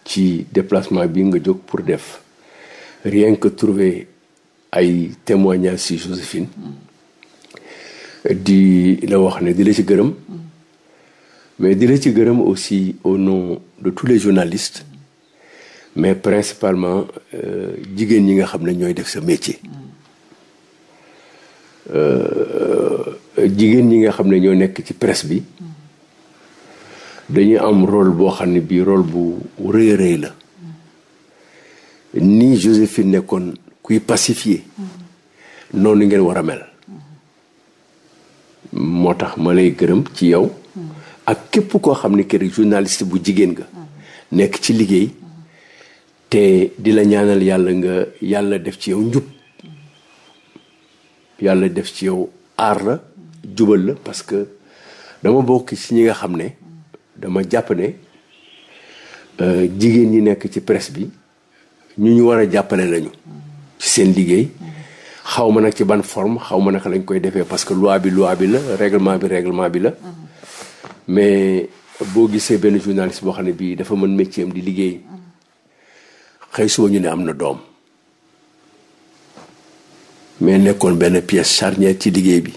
ci déplacement bi nga jóg pour def rien que trouver ay témoignages si Joséphine di la wax ne di la ci gërëm mais di la ci gërëm aussi au nom de tous les journalistes mais principalement euh, jigéen ñi nga xam ne ñooy def sa métier euh, jigéen ñi nga xam ne ñoo nekk ci presse bi dañu am rôle boo xam ne bii role bu rëy rëy la ni Joséphine nekkoon kuy pacifier noonu ngeen war a mel moo tax ma lay gërëm ci yow ak képp koo xam ne kër journaliste bu jigéen ga nekk ci liggéey te di la ñaanal yàlla nga yàlla def ci yow njub yàlla def ci yow aar la jubal la parce que dama bokk ci ñi nga xam ne dama jàpp ne euh, jigéen ñi nekk ci press bi ñu ñu war a jàppale lañu ci seen liggéey xaw ma nag ci ban forme xaw ma naka lañ koy defee parce que loi bi loi bi la règlement bi règlement bi la mais boo gisee benn journaliste boo xam ne bii dafa mën métier am di liggéey xëy suba ñu ne am na doom mais nekkoon benn pièce charnière ci liggéey bi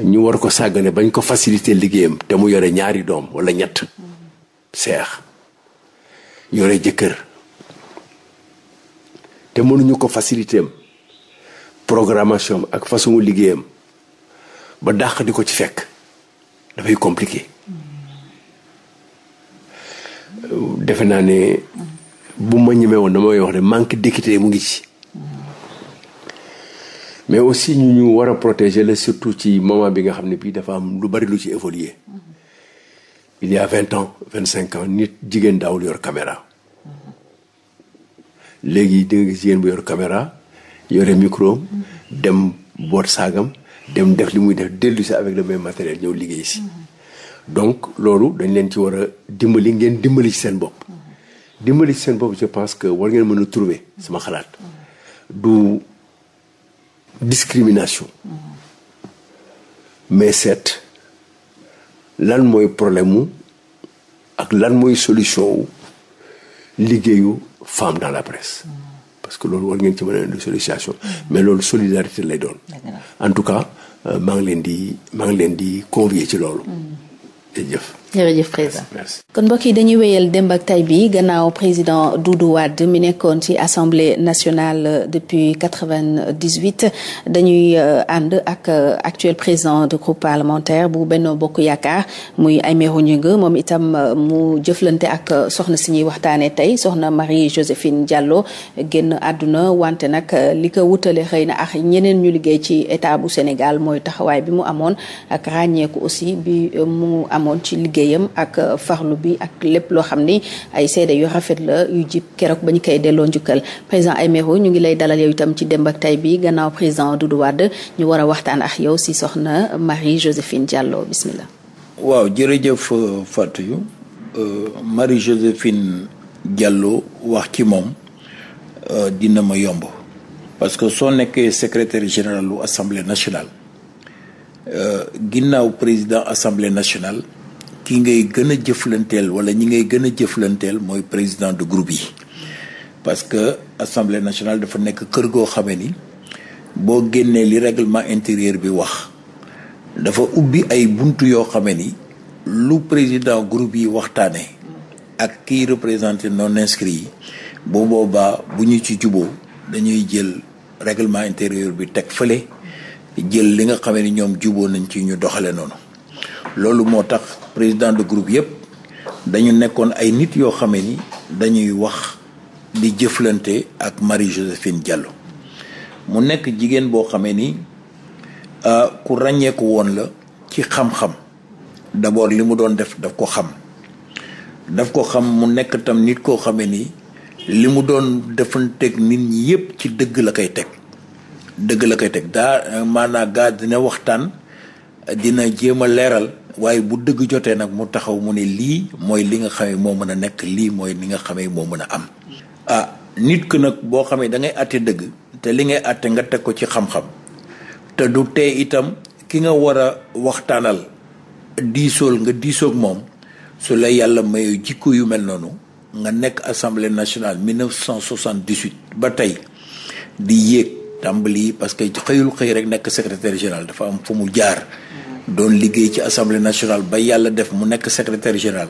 ñu war ko sàggane bañ ko faciliter liggéeyam te mu yore ñaari doom wala ñett seex yore jëkkër te mënuñu ko faciliter am programmation ak façon liggéeyam ba dàq di ko ci fekk dafay compliqué defe naa ne bu ma ñemee woon damay wax ne manque d'équité mu ngi ci mais aussi ñu ñu war a protéger la surtout ci moment bi nga xam ne bii dafa am lu bari lu ci évoluer il y a vingt ans vingt cinq ans nit jigéen daawul yor caméra léegi di nga jigéen bu yor caméra yore micro dem boot saagam dem def li muy def dellu si avec le même matériel ñëw liggéey si donc loolu dañ leen ci war a dimbali ngeen dimbali ci seen bopp dimbali seen bopp je pense que war ngeen mën a trouver sama xalaat du discrimination mais seet lan mooy problème mu ak lan mooy solution wu liggéeyu femme dans la presse parce que loolu war ngeen ci mën a indi solution mais loolu solidarité lay doon en tout cas euh, maa ngi leen di maa ngi leen di convier ci loolu mm. jërëjëf président kon mbokk yi dañuy wéyal démb ak tay bi gannaaw président Doudou Wade mi nekkoon ci assemblée nationale depuis quatre-vingt-dix-huit dañuy euh, ànd ak euh, actuel président de groupe parlementaire bu benn Bokk Yaakaar muy Aymérou Gningue moom itam euh, mu jëflante ak soxna si ñuy waxtaanee tey soxna Marie Joséphine Diallo génn àdduna wante nag li ko wutale xëy na ak ñeneen ñu liggéey ci état bu Sénégal mooy taxawaay bi mu amoon ak ràññeeku aussi bi mu amoon ci liggéey. liggéeyam ak euh, farlu bi ak lépp loo xam ni ay seede yu rafet la yu jib keroog ba ñu koy delloo njukkal président Aymerou ñu ngi lay dalal yow itam ci démb ak tay bi gannaaw président Doudou ñu war a waxtaan ak yow si soxna Marie Joséphine Diallo bismillah waaw jërëjëf euh, Fatou euh, Marie Joséphine Diallo wax ci moom dina ma yomb parce que soo nekkee secrétaire général u assemblée nationale ginnaaw président assemblée nationale ki ngay gën a jëflanteel wala ñi ngay gën a jëflanteel mooy président de groupe yi parce que assemblée nationale dafa nekk kër goo xamee ni boo génnee li règlement intérieur bi wax dafa ubbi ay bunt yoo xamee ni lu président groupe yi waxtaane ak kiy représenté non inscrit yi bu boobaa bu ñu ci juboo dañuy jël règlement intérieur bi teg fële jël li nga xamee ni ñoom juboo nañ ci ñu doxale noonu loolu moo tax président de groupe yëpp dañu nekkoon ay nit yoo xame ni dañuy wax di jëflante ak Marie Joséphine Diallo mu nekk jigéen boo xamee ni euh, ku ràññeeku woon la ci xam-xam d'abord li mu doon def daf ko xam daf ko xam mu nekk tam nit koo xamee ni li mu doon defanteeg nit ñi yépp ci dëgg la koy teg dëgg la koy teg daa maanaa gaa dina waxtaan dina jéem a leeral waaye bu dëgg jotee nag mu taxaw mu ne lii mooy li nga xamee moo mën a nekk lii mooy li nga xamee moo mën a am. ah nit ku nag boo xamee da ngay àtte dëgg te li ngay àtte nga teg ko ci xam-xam te du tee itam ki nga war a waxtaanal diisool nga diisoog moom su la yàlla mayu jikko yu mel noonu nga nekk assemblée nationale 1978 ba tey di yéeg tàmbali parce que xëyul xëy rek nekk secrétaire général dafa am fu mu jaar. doon liggéey ci assemblée nationale ba yàlla def mu nekk secrétaire général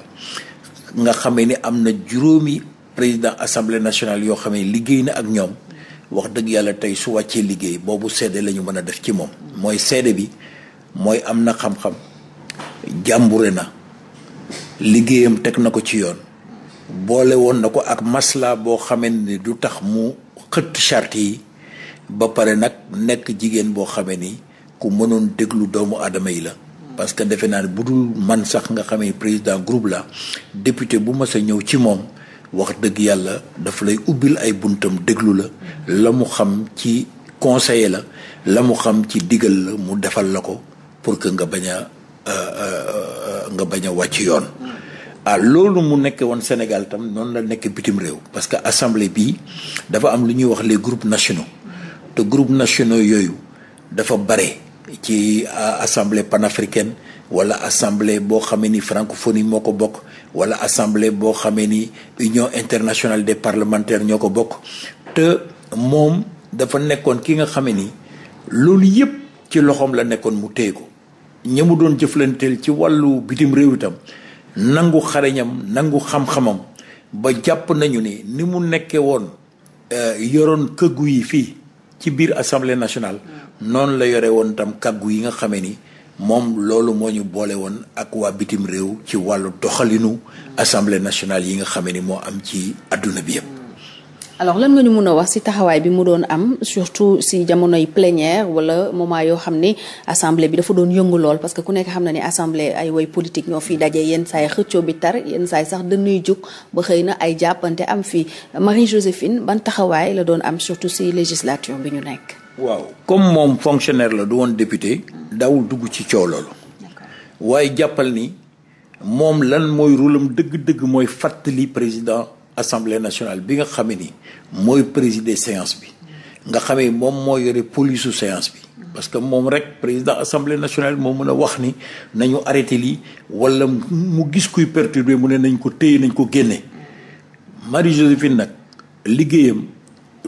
nga xamee ni am na juróomi président assemblée nationale yoo xamee liggéey na ak ñoom wax dëgg yàlla tey su wàccee liggéey boobu seddee lañu ñu mën a def ci moom. mooy seede bi mooy am na xam-xam jàmbure na liggéeyam teg na ko ci yoon boole woon na ko ak masla boo xamee ni du tax mu xëtt charte yi ba pare nag nekk jigéen boo xamee ni. ku mënoon déglu doomu aadama yi la. parce que defe naa ne bu dul man sax nga xamee président groupe la député bu mas a ñëw ci moom wax dëgg yàlla dafa lay ubbil ay buntam déglu la. la mu xam ci conseiller la. la mu xam ci digal la mu defal la ko pour que nga bañ a euh, euh, euh, nga bañ a wàcc yoon. ah loolu mu nekk woon Sénégal tam noonu la nekk bitim réew. parce que assemblée bi dafa am lu ñuy wax les groupes nationaux te groupes nationaux yooyu dafa bare. ci euh, assemblée panafricaine wala assemblée boo xamee ni francophonie moo ko bokk wala assemblée boo xamee ni union internationale des parlementaire ñoo ko bokk te moom dafa nekkoon ki nga xamee ni loolu yëpp ci loxoom la nekkoon mu téye ko ña doon jëflanteel ci wàllu bitim réew itam nangu xareñam nangu xam-xamam ba jàpp nañu ni ni mu nekkee woon euh, yoroon këggu yi fii ci biir assemblée nationale. noonu la yore woon tam kàggu yi nga xamee ni moom loolu moo ñu boole woon ak waa bitim réew ci wàllu doxalinu assemblée nationale yi nga xamee ni moo am ci àdduna bi yëpp. alors lan nga ñu mun a wax ci taxawaay bi mu doon am surtout ci jamonoy plénière wala moment yoo xam ni assemblée bi dafa doon yëngu lool parce que ku nekk xam na ni assemblée ay woy politique ñoo fiy daje yenn saay xëccoo bi tar yenn saay sax yu jug ba xëy na ay jàppante am fii Marie Joséphine ban taxawaay la doon am surtout si législature bi ñu nekk. waaw comme moom fonctionnaire la du woon député. dawul dugg ci coow loolu. waaye jàppal ni moom lan mooy rôle dëgg-dëgg mooy fàttali président. assemblée nationale bi nga xamee ni mooy présider séance bi nga xamee moom moo yore police su séance bi parce que moom rek président assemblée nationale moo mën a wax ni nañu arrêté lii wala mu gis kuy perturber mu ne nañ ko téye nañ ko génne Marie Joséphine nag liggéeyam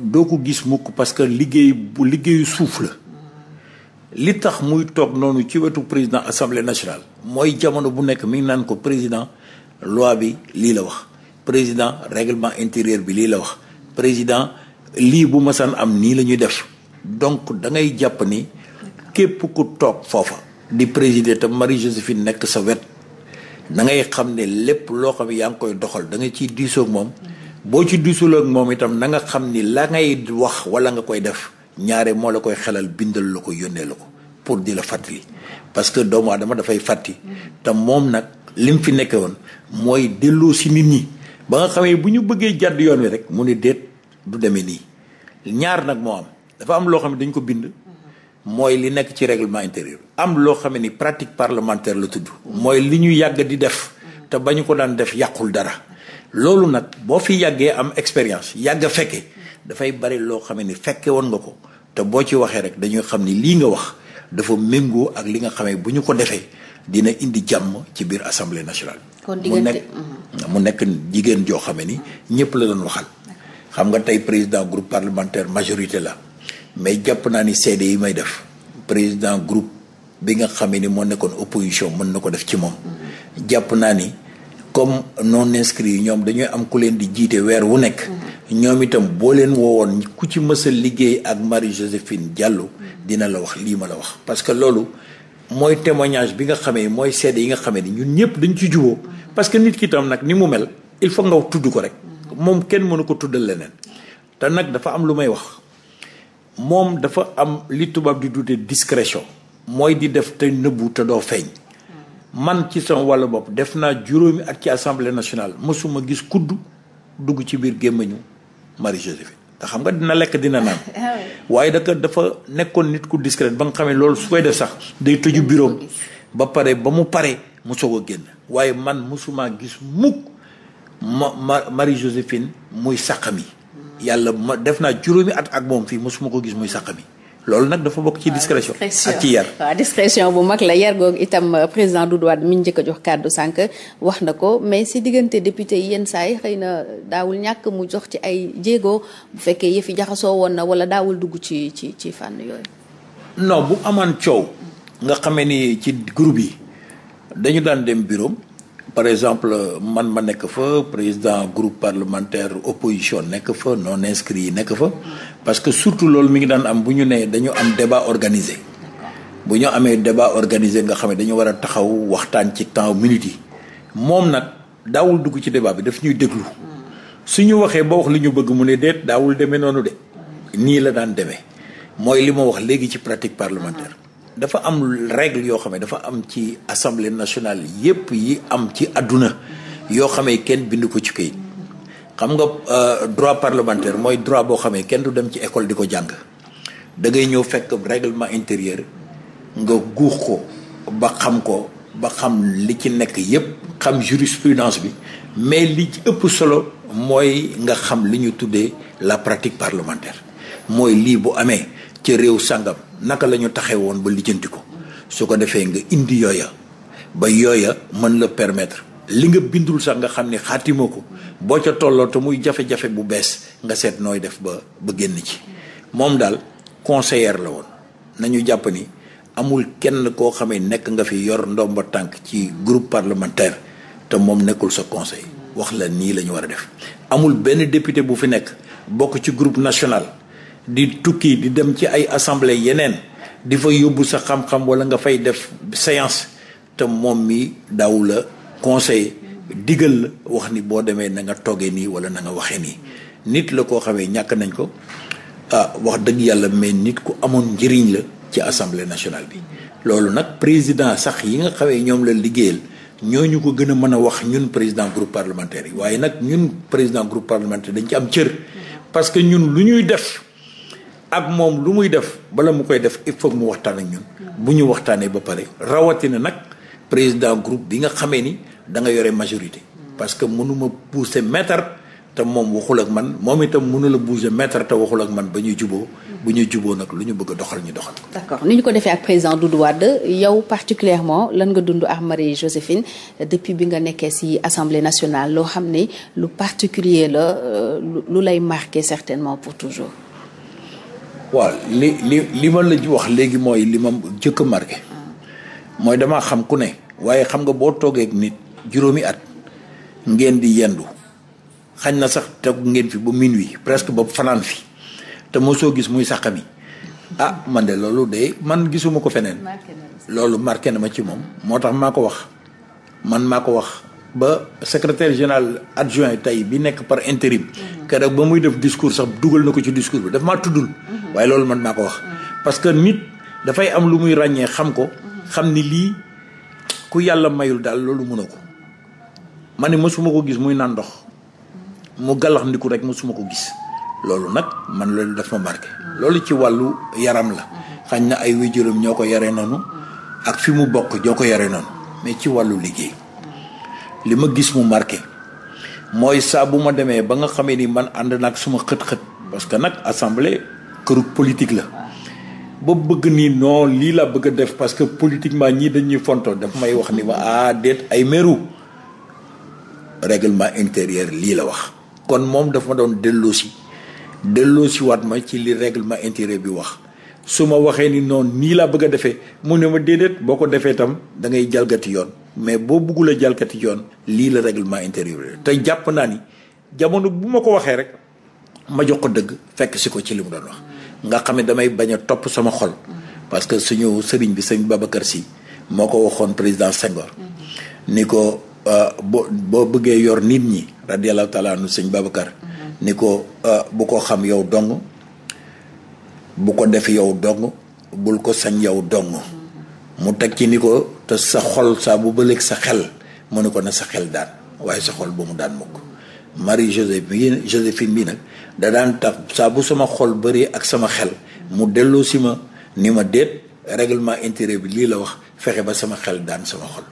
doo ko gis mukk parce que liggéey bu liggéeyu suuf la li tax muy toog noonu ci wetu président assemblée nationale mooy jamono bu nekk mi ngi naan ko président loi bi lii la wax président règlement intérieur bi lii la wax président lii bu masaan am nii la ñuy def donc da ngay jàpp ni képp ku toog foofa di présider te Marie Joséphine nekk sa wet da ngay xam ne lépp loo xam yaa ngi koy doxal da nga ciy diisoo moom boo ci diisul ak moom itam na nga xam ni la ngay wax wala nga koy def ñaaree moo la koy xelal bindal la ko yónnee la ko pour di la fàttali parce que doomu aadama dafay fàtti mm. te moom nag lim fi nekkee woon mooy delloo si nit ñi ba nga xamee bu ñu bëggee jàdd yoon wi rek mu ne déet du demee nii ñaar nag moo am dafa am loo xam ne dañ ko bind mooy li nekk ci règlement am loo xam ni pratique parlementaire la tudd mooy li ñu yàgg di def te ba ñu ko daan def yàqul dara loolu nag boo fi yàggee am expérience yàgg a fekke dafay bari loo xam ni fekke woon nga ko te boo ci waxee rek dañuy xam ni lii nga wax dafa méngoo ak li nga xamee bu ñu ko defee dina indi jàmm ci biir assemblée nationale. kon mu nekk mhm. mu nekk jigéen joo xam ni ñëpp la doon waxal. xam nga tey président groupe parlementaire majorité la mais jàpp naa ni seede yi may def président groupe bi nga xamee ni moo nekkoon opposition mën na ko def ci moom. Mhm. jàpp naa ni comme non inscrits yi ñoom dañuy am ku leen di jiite weer wu nekk. Mhm. ñoom itam boo leen woowoon ku ci mës liggéey ak Marie Joséphine Diallo dina la wax lii ma la wax parce loolu. mooy témoignage bi nga xamee mooy seede yi nga xamee ni ñun ñëpp dañu ci juboo parce que nit ki tam nag ni mu mel il faut ngaw tudd ko rek moom kenn mënu ko tuddal leneen te nag dafa am lu may wax moom dafa am li tubaab di dute discrétion mooy di def te nëbbu te doo feeñ man ci sama wàllu bopp def naa juróomi ak ci assemblée nationale mosuma gis kudd dugg ci biir gémmiñu Marie Joséphine te xam nga dina lekk dina naan. Ah waaye daka dafa nekkoon nit ku discret ba nga xamee loolu su koy def sax. day tëju buroom ba pare ba mu pare mu soog a génn waaye man mosuma gis mukk ma ma Marie Joséphine muy sàq mi. Hmm. yàlla ma def naa juróomi at ak moom fii mosuma ko gis muy sàq mi. loolu nag dafa bokk ci discrétion ak ci yar waaw discrétion bu mag la yar googu itam président Doudou Wade mi njëkk a jox kàddu sànq wax na ko mais si diggante député yi yenn saa yi xëy na daawul ñàkk mu jox ci ay jéego bu fekkee yëfi jaxasoo woon na wala daawul dugg ci ci ci fànn yooyu non bu amaan coow nga xamee ni ci groupe yi dañu daan dem bureau par exemple man ma nekk fa président groupe parlementaire opposition nekk fa non inscrit yi nekk fa parce que surtout loolu mi ngi daan am bu ñu nee dañu am débat organisé bu ñu amee débat organisé nga xam ne dañu war a taxaw waxtaan ci temps minutes yi moom nag daawul dugg ci débat bi daf ñuy déglu ñu waxee ba wax li ñu bëgg mu ne déet daawul demee noonu de nii la daan demee mooy li ma wax léegi ci pratique parlementaire dafa am règle yoo xam ne dafa am ci assemblée nationale yépp yi am ci àdduna yoo xamee kenn bind ko ci kayit xam nga euh, droit parlementaire mooy droit boo xamee kenn du dem ci école di ko jàng da ngay ñëw fekk règlement intérieur nga guux ko ba xam ko ba xam li ci nekk yépp xam jurisprudence bi mais li ëpp solo mooy nga xam li ñu tuddee la pratique parlementaire mooy lii bu amee ci réew sàngam naka la ñu taxee woon ba lijjanti ko su ko defee nga indi yooya ba yooya mën la permettre li nga bindul sax nga xam ni xaatima ko boo ca tolloo te muy jafe-jafe bu bees nga seet nooy def ba ba génn ci moom daal conseillère la woon nañu jàpp ni amul kenn koo xamee nekk nga fi yor ndomba tànk ci groupe parlementaire te moom nekkul sa conseil wax la nii la ñu war a def amul benn député bu fi nekk bokk ci groupe national di tukki di dem ci ay assemblée yeneen di fa yóbbu sa xam-xam wala nga fay def séance te moom mi daaw la conseil digal la wax ni boo demee na nga toggee nii wala na nga waxee nii nit la koo xawee ñàkk nañ ko ah wax dëgg yàlla mais nit ku amoon njëriñ la ci assemblée nationale bi loolu nag président sax yi nga xawee ñoom la liggéeyal ñoo ñu ko gën a mën a wax ñun président groupe parlementaire yi waaye nag ñun président groupe parlementaire dañ ci am cër ak moom lu muy def bala mu koy def il faut mu waxtaan ak ñun bu ñu waxtaanee ba pare rawatina nag président group bi nga xamee ni da nga yore majorité parce que mënuma pousser mètre te moom waxul ak man moom itam mënu la bouger mètre te waxul ak man ba ñuy juboo bu ñu juboo nag lu ñu bëgg a doxal ñu doxal ko. ni ñu ko defee ak président Doudou Wade yow particulièrement lan nga dund ak Marie Joséphine depuis bi nga nekkee ci assemblée nationale loo xam ni lu particulier la euh, lu lay marqué certainement pour toujours. waaw li li li ma la wax léegi mooy li ma jëkk a mooy damaa xam ku ne waaye xam nga boo toogee nit juróomi at ngeen di yendu xañ na sax tegu ngeen fi ba wi presque ba fanaan fi te soo gis muy sàq mi ah man de loolu de man gisuma ko feneen loolu marqué na ma ci moom moo tax maa ko wax man maa ko wax ba secrétaire général adjoint tey bi nekk par intérim mhm. keroog ba muy def discours sax dugal na ko ci discours bi daf maa tuddul mhm. waaye loolu man maa ko wax. parce que nit dafay am lu muy ràññee xam ko. xam ni lii ku yàlla mayul daal loolu mënoo ko. ma ne mosuma ko gis muy naan ndox mu gàllax ndiku rek mosuma ko gis loolu nag man loolu daf ma marqué. loolu ci wàllu yaram la. xañ na ay waajuram ñoo ko yaree noonu. ak fi mu bokk joo ko yaree noonu. mais ci wàllu liggéey. li ma gis mu marke mooy saa bu ma demee ba nga xamee ni man ànd ak suma xët-xët parce que nag assemblée. këru politique la ba bëgg ni non lii laa bëgg a def parce que politiquement ñii dañuy fonto dafa may wax ni ma ah déet ay meru règlement intérieur lii la wax kon moom dafa ma doon delloosi delloosi waat ma ci li règlement intérieur bi wax su ma waxee ni noonu nii laa bëgg a defee mu ne ma déedéet boo ko defee tam da ngay jalgati yoon mais boo bëggul a jalgati yoon lii la règlement intérieur te jàpp naa ni jamono bu ma ko waxee rek ma jox ko dëgg fekk si ko ci li mu nga xam ne damay bañ a topp sama xol. parce que suñu sëriñ bi sëñ Babacar si moo ko waxoon président Senghor. ni ko euh, boo bëggee yor nit ñi radiyallahu taala anu sëñ Babacar. ni ko euh, bu ko xam yow dong bu ko def yow dong bul ko sañ yow dong. mu teg ci ni ko te sa xol saa bu bëleeg sa xel mu ne ko na sa xel daan waaye sa xol bu mu daan mukk Marie Joséphine Joséphine bi nag da daan tax saa bu sama xol bëri ak sama xel mu delloo si ma ni ma déet règlement intérieur bi lii la wax fexe ba sama xel daan sama xol.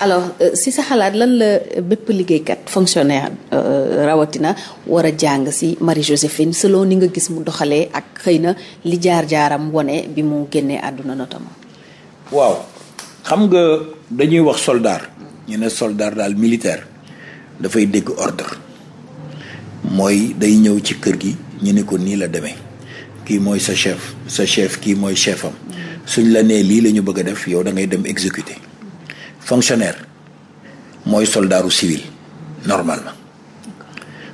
alors euh, si sa xalaat lan la bépp liggéeykat fonctionnaire euh, rawatina war a jàng si Marie Joséphine selon ni nga gis mu doxalee ak xëy na li jaar-jaaram wone bi mu génnee àdduna notamment waaw xam nga dañuy wax soldat ñu ne soldat daal militaire dafay dégg ordre. mooy day ñëw ci kër gi ñu ni ko nii la demee kii mooy sa chef sa chef kii mooy chef suñ la nee lii la ñu bëgg a def yow da ngay dem exécuter fonctionnaire mooy soldaaru civil normalement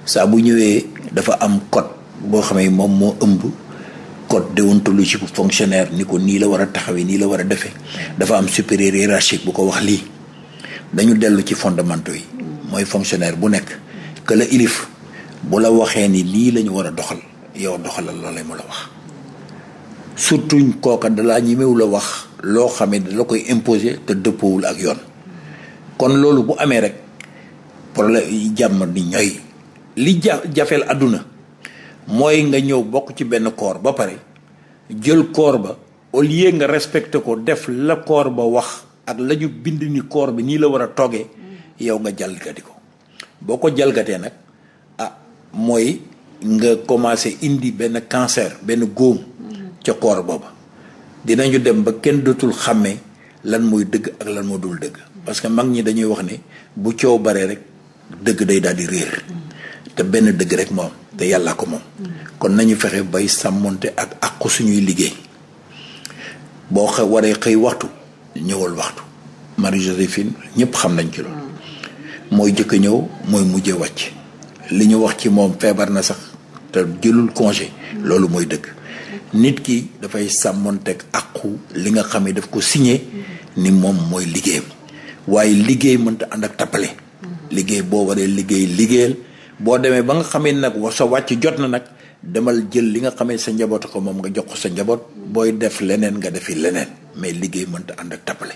saa bu ñëwee dafa am code boo xamee moom moo ëmb code déontologie bu fonctionnaire ni ko nii la war a taxawee nii la war a defee dafa am supérieur hiérarchique bu ko wax lii dañu dellu ci fondamentaux yi mooy fonctionnaire bu nekk que la ilif bu la waxee ni lii lañu war a doxal yow doxalal loolee mu la wax surtout kooka dalaa ñimewu la wax loo xamee dala koy imposer te dëppoowul ak yoon kon loolu bu amee rek problème jàmm di ñooy li ja jafeel àdduna mooy nga ñëw bokk ci benn koor ba pare jël koor ba au lieu nga respecté ko def la koor ba wax ak la bind ni koor bi nii la war a toogee yow nga jalgati ko boo ko jalgatee nag mooy nga commencé indi benn cancer benn góom ca koor booba ñu dem ba kenn dootul xàmmee lan mooy dëgg ak lan moo dul dëgg parce que mag ñi dañuy wax ni bu coow baree rek dëgg day daal di réer te benn dëgg rek moom te yàlla ko moom kon nañu fexe bay sàmmonte ak àqu suñuy liggéey boo xa waree xëy waxtu ñëwal waxtu Marie Joséphine ñëpp xam nañ ci loolu mooy jëkk ñëw mooy mujje wàcc li ñu wax ci moom feebar na sax te jëlul congé loolu mooy dëkk nit ki dafay teg àqu li nga xam ne daf ko signé ni moom mooy liggéeyam waaye liggéey mënta ànd ak tappale liggéey boo waree liggéey liggéeyal boo demee ba nga xamee nag sa wàcc jot na nag demal jël li nga xamee sa njaboot ko moom nga jox ko sa njaboot booy def leneen nga defi leneen mais liggéey mënta ànd ak tappale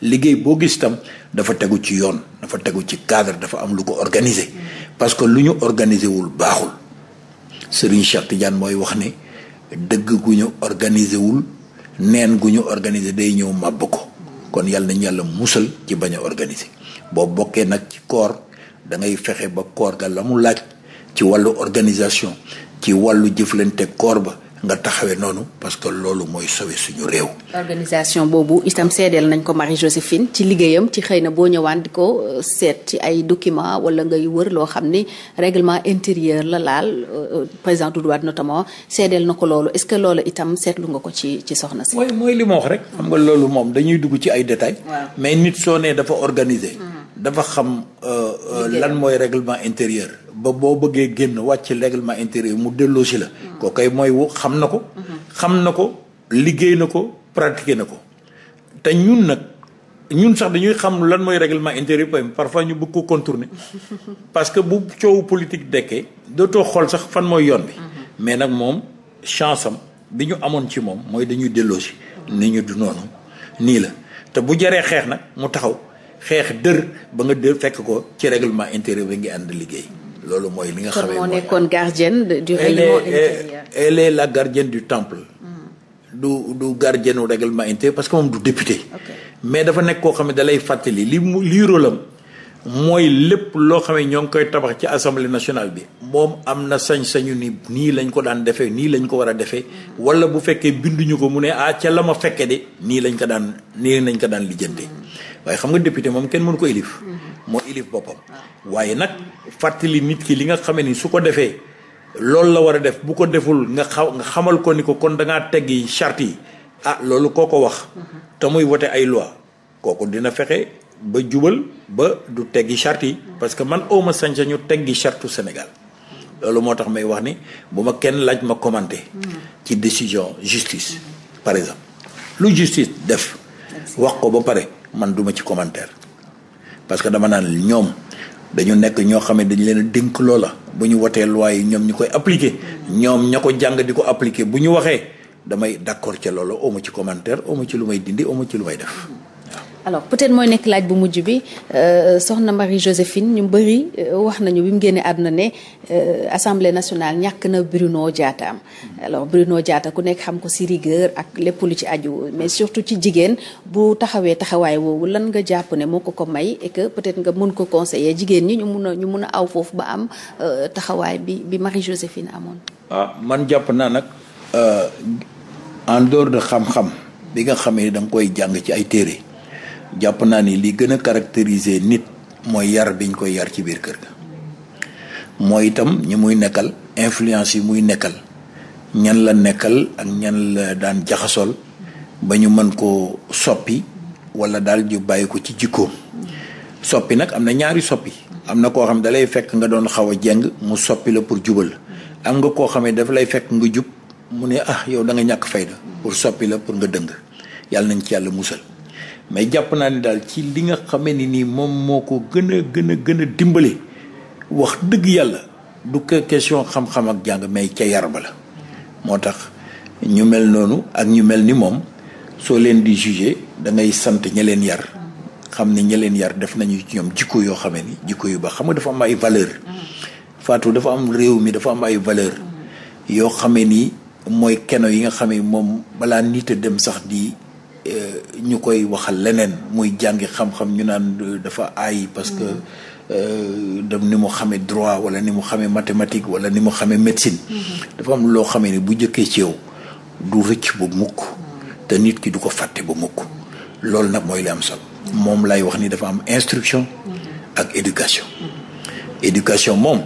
liggéey boo gis tam dafa tegu ci yoon dafa tegu ci cadre dafa am lu ko organiser parce que lu ñu organisé wul baaxul Serigne Cheikh Tidiane mooy wax ni dëgg gu ñu organisé wul neen gu ñu organisé day ñëw màbb ko kon yàlla nañu yàlla musal ci bañ a organisé boo bokkee nag ci koor da ngay fexe ba koor ga la mu laaj ci wàllu organisation ci wàllu jëflante koor ba nga taxawee noonu parce que loolu mooy sauver suñu réew. organisation boobu itam seedeel nañ ko Marie Joséphine ci liggéeyam ci xëy na boo ñëwaan di ko euh, seet ci ay document wala ngay wër loo xam ni réglement intérieur la laal euh, euh, président Doudou Wade notamment seedeel na ko loolu est-ce que loolu itam seetlu nga ko ci ci soxna si. mooy mooy li ma wax rek. xam nga loolu moom dañuy dugg ci ay détails. mais nit soo nee dafa organiser. Hmm. dafa xam euh, euh, lan mooy réglement intérieur ba boo bëggee génn wàcc règlement intérieur mu delloo la mm-hmm. koo koy mooy wu xam na ko mm-hmm. xam na ko liggéey na ko pratiqué na ko te ñun nag ñun sax dañuy xam lan mooy règlement intérieur parfois ñu bëgg ko contourner parce que bu coowu politique dekkee dooto xool sax fan mooy yoon bi mm-hmm. mais nag moom chance am bi ñu amoon ci moom mooy dañuy delloo si ni ñu du noonu nii la te bu jaree xeex nag mu taxaw xeex dër ba nga dër fekk ko ci règlement intérieur bi ngi ànd liggéey loolu mooy li nga xam ne moo nekkoon gardienne du règlement intérieur elle est la du temple hmm. du du gardienne du règlement intérieur parce que moom du député mais dafa nekk koo xam ne dalay fàttali li mu lii rôlam mooy lépp loo xam ne ñoo ngi koy tabax ci assemblée nationale bi moom am na sañ-sañu ni nii lañ ko daan defee nii lañ ko war a defee wala bu fekkee binduñu ko mu ne ah ca la ma fekke de nii lañ ko daan nii lañ ko daan lijjante waaye xam nga député moom kenn mënu ko ilif moo ilif boppam waaye nag fàttali nit ki li nga xamee ni su ko defee loolu la war a def bu ko deful nga xaw nga xamal ko ni ko kon danga ngaa teggi charte yi ah loolu koo ko wax te muy wote ay loi kooku dina fexe ba jubal ba du teggi charte yi parce que man awma sañ-sañu ñu teggi chartu Sénégal loolu moo tax may wax ni bu ma kenn laaj ma commenté ci décision justice par exemple lu justice def wax ko ba pare man duma ci commentaire parce que dama naan ñoom dañu nekk ñoo xam ne dañu leen a dénk loola bu ñu watee loi yi ñoom ñu koy appliquer ñoom ña ko jàng di ko appliquer bu ñu waxee damay d'accord ca loola amu ci commentaire amu ci lu may dindi amu ci lu may def alors peut-être mooy nekk laaj bu mujj bi euh, soxna Marie Joséphine ñu bëri euh, wax nañu bi mu génne àdduna ne euh, assemblée nationale ñàkk na Bruno jaata am alors Bruno jaata ku nekk xam ko si rigueur ak lépp lu ci aju mais surtout ci jigéen bu taxawee taxawaay woowu lan nga jàpp ne moo ko ko may et que peut-être nga mun ko conseiller jigéen ñi ñu mun a ñu mun a aw foofu ba am taxawaay bi bi Marie Joséphine amoon. Ah, man jàpp naa nag en dehors de xam-xam bi nga xamee da nga koy jàng ci ay téere. jàpp naa ni li gën a caractériser nit mooy yar biñ koy yar ci biir kër ga mooy itam ñi muy nekkal influence yi muy nekkal ñan la nekkal ak ñan la daan jaxasool ba ñu mën ko soppi wala daal ñu bàyyi ko ci jikkoom soppi nag am na ñaari soppi am na koo xam da lay fekk nga doon xaw a jeng mu soppi la pour jubal am nga koo xamee dafa lay fekk nga jub mu ne ah yow da nga ñàkk fayda pour soppi la pour nga dëng yàlla nañ ci yàlla musal mais jàpp naa ni daal ci li nga xamee ni nii moom moo ko gën a gën a gën a dimbale wax dëgg yàlla du ko question xam-xam ak jàng may ca yar ba moo tax ñu mel noonu ak ñu mel ni moom soo leen di jugé da ngay sant ña leen yar xam ne ña leen yar def nañu ci ñoom jikko yoo xamee ni jikko yu baax xam nga dafa am ay valeur Fatou dafa am réew mi dafa am ay valeur yoo xamee nii mooy keno yi nga xamee moom balaa nit a dem sax di Euh, ñu koy waxal leneen muy jàngi xam-xam ñu naan euh, dafa aay parce que mm-hmm. euh, dem ni mu xamee droit wala ni mu xamee mathématique wala ni mu xamee médecine mm-hmm. dafa am loo xamee ni bu jëkkee ci yow du rëcc ba mukk te nit ki du ko fàtte ba mukk loolu nag mooy li am solo mm-hmm. moom lay wax ni dafa am instruction ak éducation éducation moom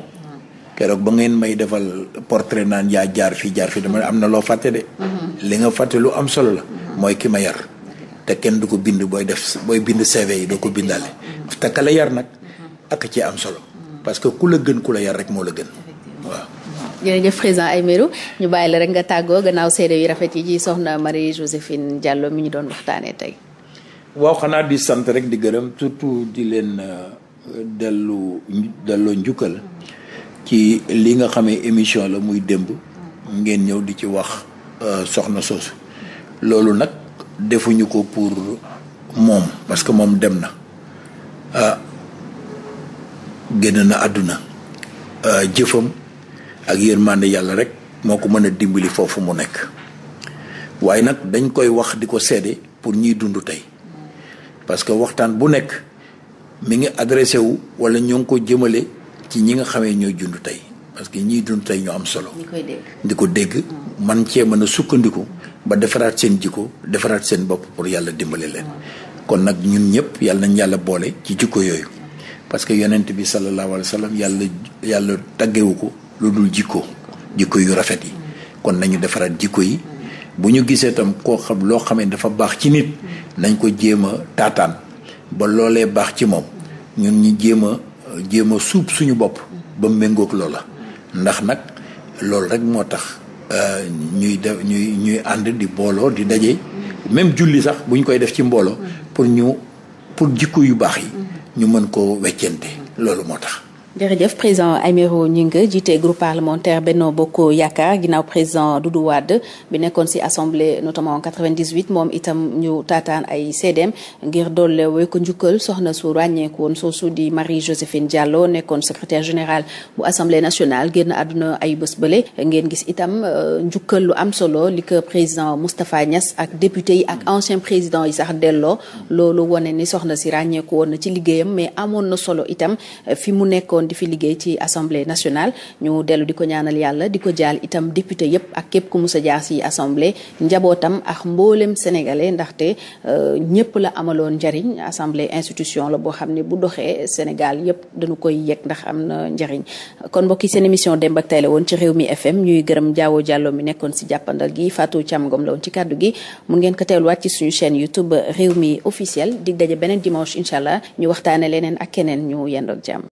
keroog ba ngeen may defal portrait naan yaa jaar fii jaar fii dama am na loo fàtte de. Mhm. li nga fàtte lu am solo la. Mhm. mooy ki ma yar. te kenn du ko bind booy def booy bind CV yi doo ko bindaale. Mhm. te ka la yar nag ak ci am solo. parce que ku la gën ku la yar rek moo la gën waaw. jërëjëf président ñu bàyyi la rek nga tàggoo gannaaw seede yu rafet yi ci soxna Marie Joséphine Diallo mi ñu doon waxtaanee tey. waaw xanaa di sant rek di gërëm surtout di leen euh, dellu delloo njukkal. ci li nga xamee émission la muy démb ngeen ñëw di ci wax euh, soxna soosu loolu nag defuñu ko pour moom parce que moom dem na ah génn na àdduna euh, jëfam ak yërmande yàlla rek moo ko mën a dimbali foofu mu nekk waaye nag dañ koy wax di ko seede pour ñiy dund tey parce que waxtaan bu nekk mi ngi adressé wu wala ñoo ngi ko jëmale ci ñi nga xamee ñooy jund tey parce que ñiy dund tey ñoo am solo. di ko dégg. Mm. man cee mën a sukkandiku ba defaraat seen jikko defaraat seen bopp pour yàlla dimbale leen. Mm. kon nag ñun ñëpp yàlla nañ yàlla boole ci jikko yooyu parce que yonent bi sallallahu alayhi wa yàlla yàlla taggewu ko lu dul jikko jikko yu rafet yi mm. kon nañu defaraat jikko yi bu ñu gisee tam koo xam loo xamee dafa baax ci nit nañ ko jéem a taataan ba loolee baax ci moom ñun ñu jéem a jéem a suub suñu bopp ba méngoog loola ndax nag loolu rek moo tax euh, ñuy def ñuy ñuy ànd di booloo di daje même julli sax bu ñu koy def ci mbooloo pour ñu pour jikko yu baax yi ñu mën ko weccente loolu moo tax jërëjëf président Aymérou Gningue jiite groupe parlementaire Benno Bokk Yaakaar ginnaaw président du Wade bi nekkoon ci assemblée notamment en 98 moom itam ñu taataan ay seedeem ngir doole woy ko njukkal soxna su ràññeeku woon soosu di Marie Joséphine Diallo nekkoon secrétaire générale bu assemblée génn àdduna ay bés bële ngeen gis itam euh, njukkal lu am solo li ko président Moustapha Niass ak député yi ak ancien président yi sax delloo loolu wone ni soxna si ràññeeku woon na ci liggéeyam mais amoon na solo itam euh, fi mu nekkoon di fi liggéey ci assemblée nationale ñu dellu di ko ñaanal yàlla di ko jaal itam député yépp ak képp ku musa jaar si assemblée njabootam ak mboolem sénégalais ndaxte euh, ñépp la amaloon njariñ assemblée institution la boo xam ne bu doxee Sénégal yépp dañu koy yëg ndax am na njariñ kon mbokki seen émission dem ak tey la woon ci mi FM ñuy gërëm Diawo Diallo mi nekkoon si jàppandal gi Fatou Thiam Ngom la woon ci kàddu gi mu ngeen ko teeluwaat ci suñu chaîne YouTube Rewmi officiel dig daje beneen dimanche incha allah ñu waxtaane leneen ak keneen ñu yendoog jàmm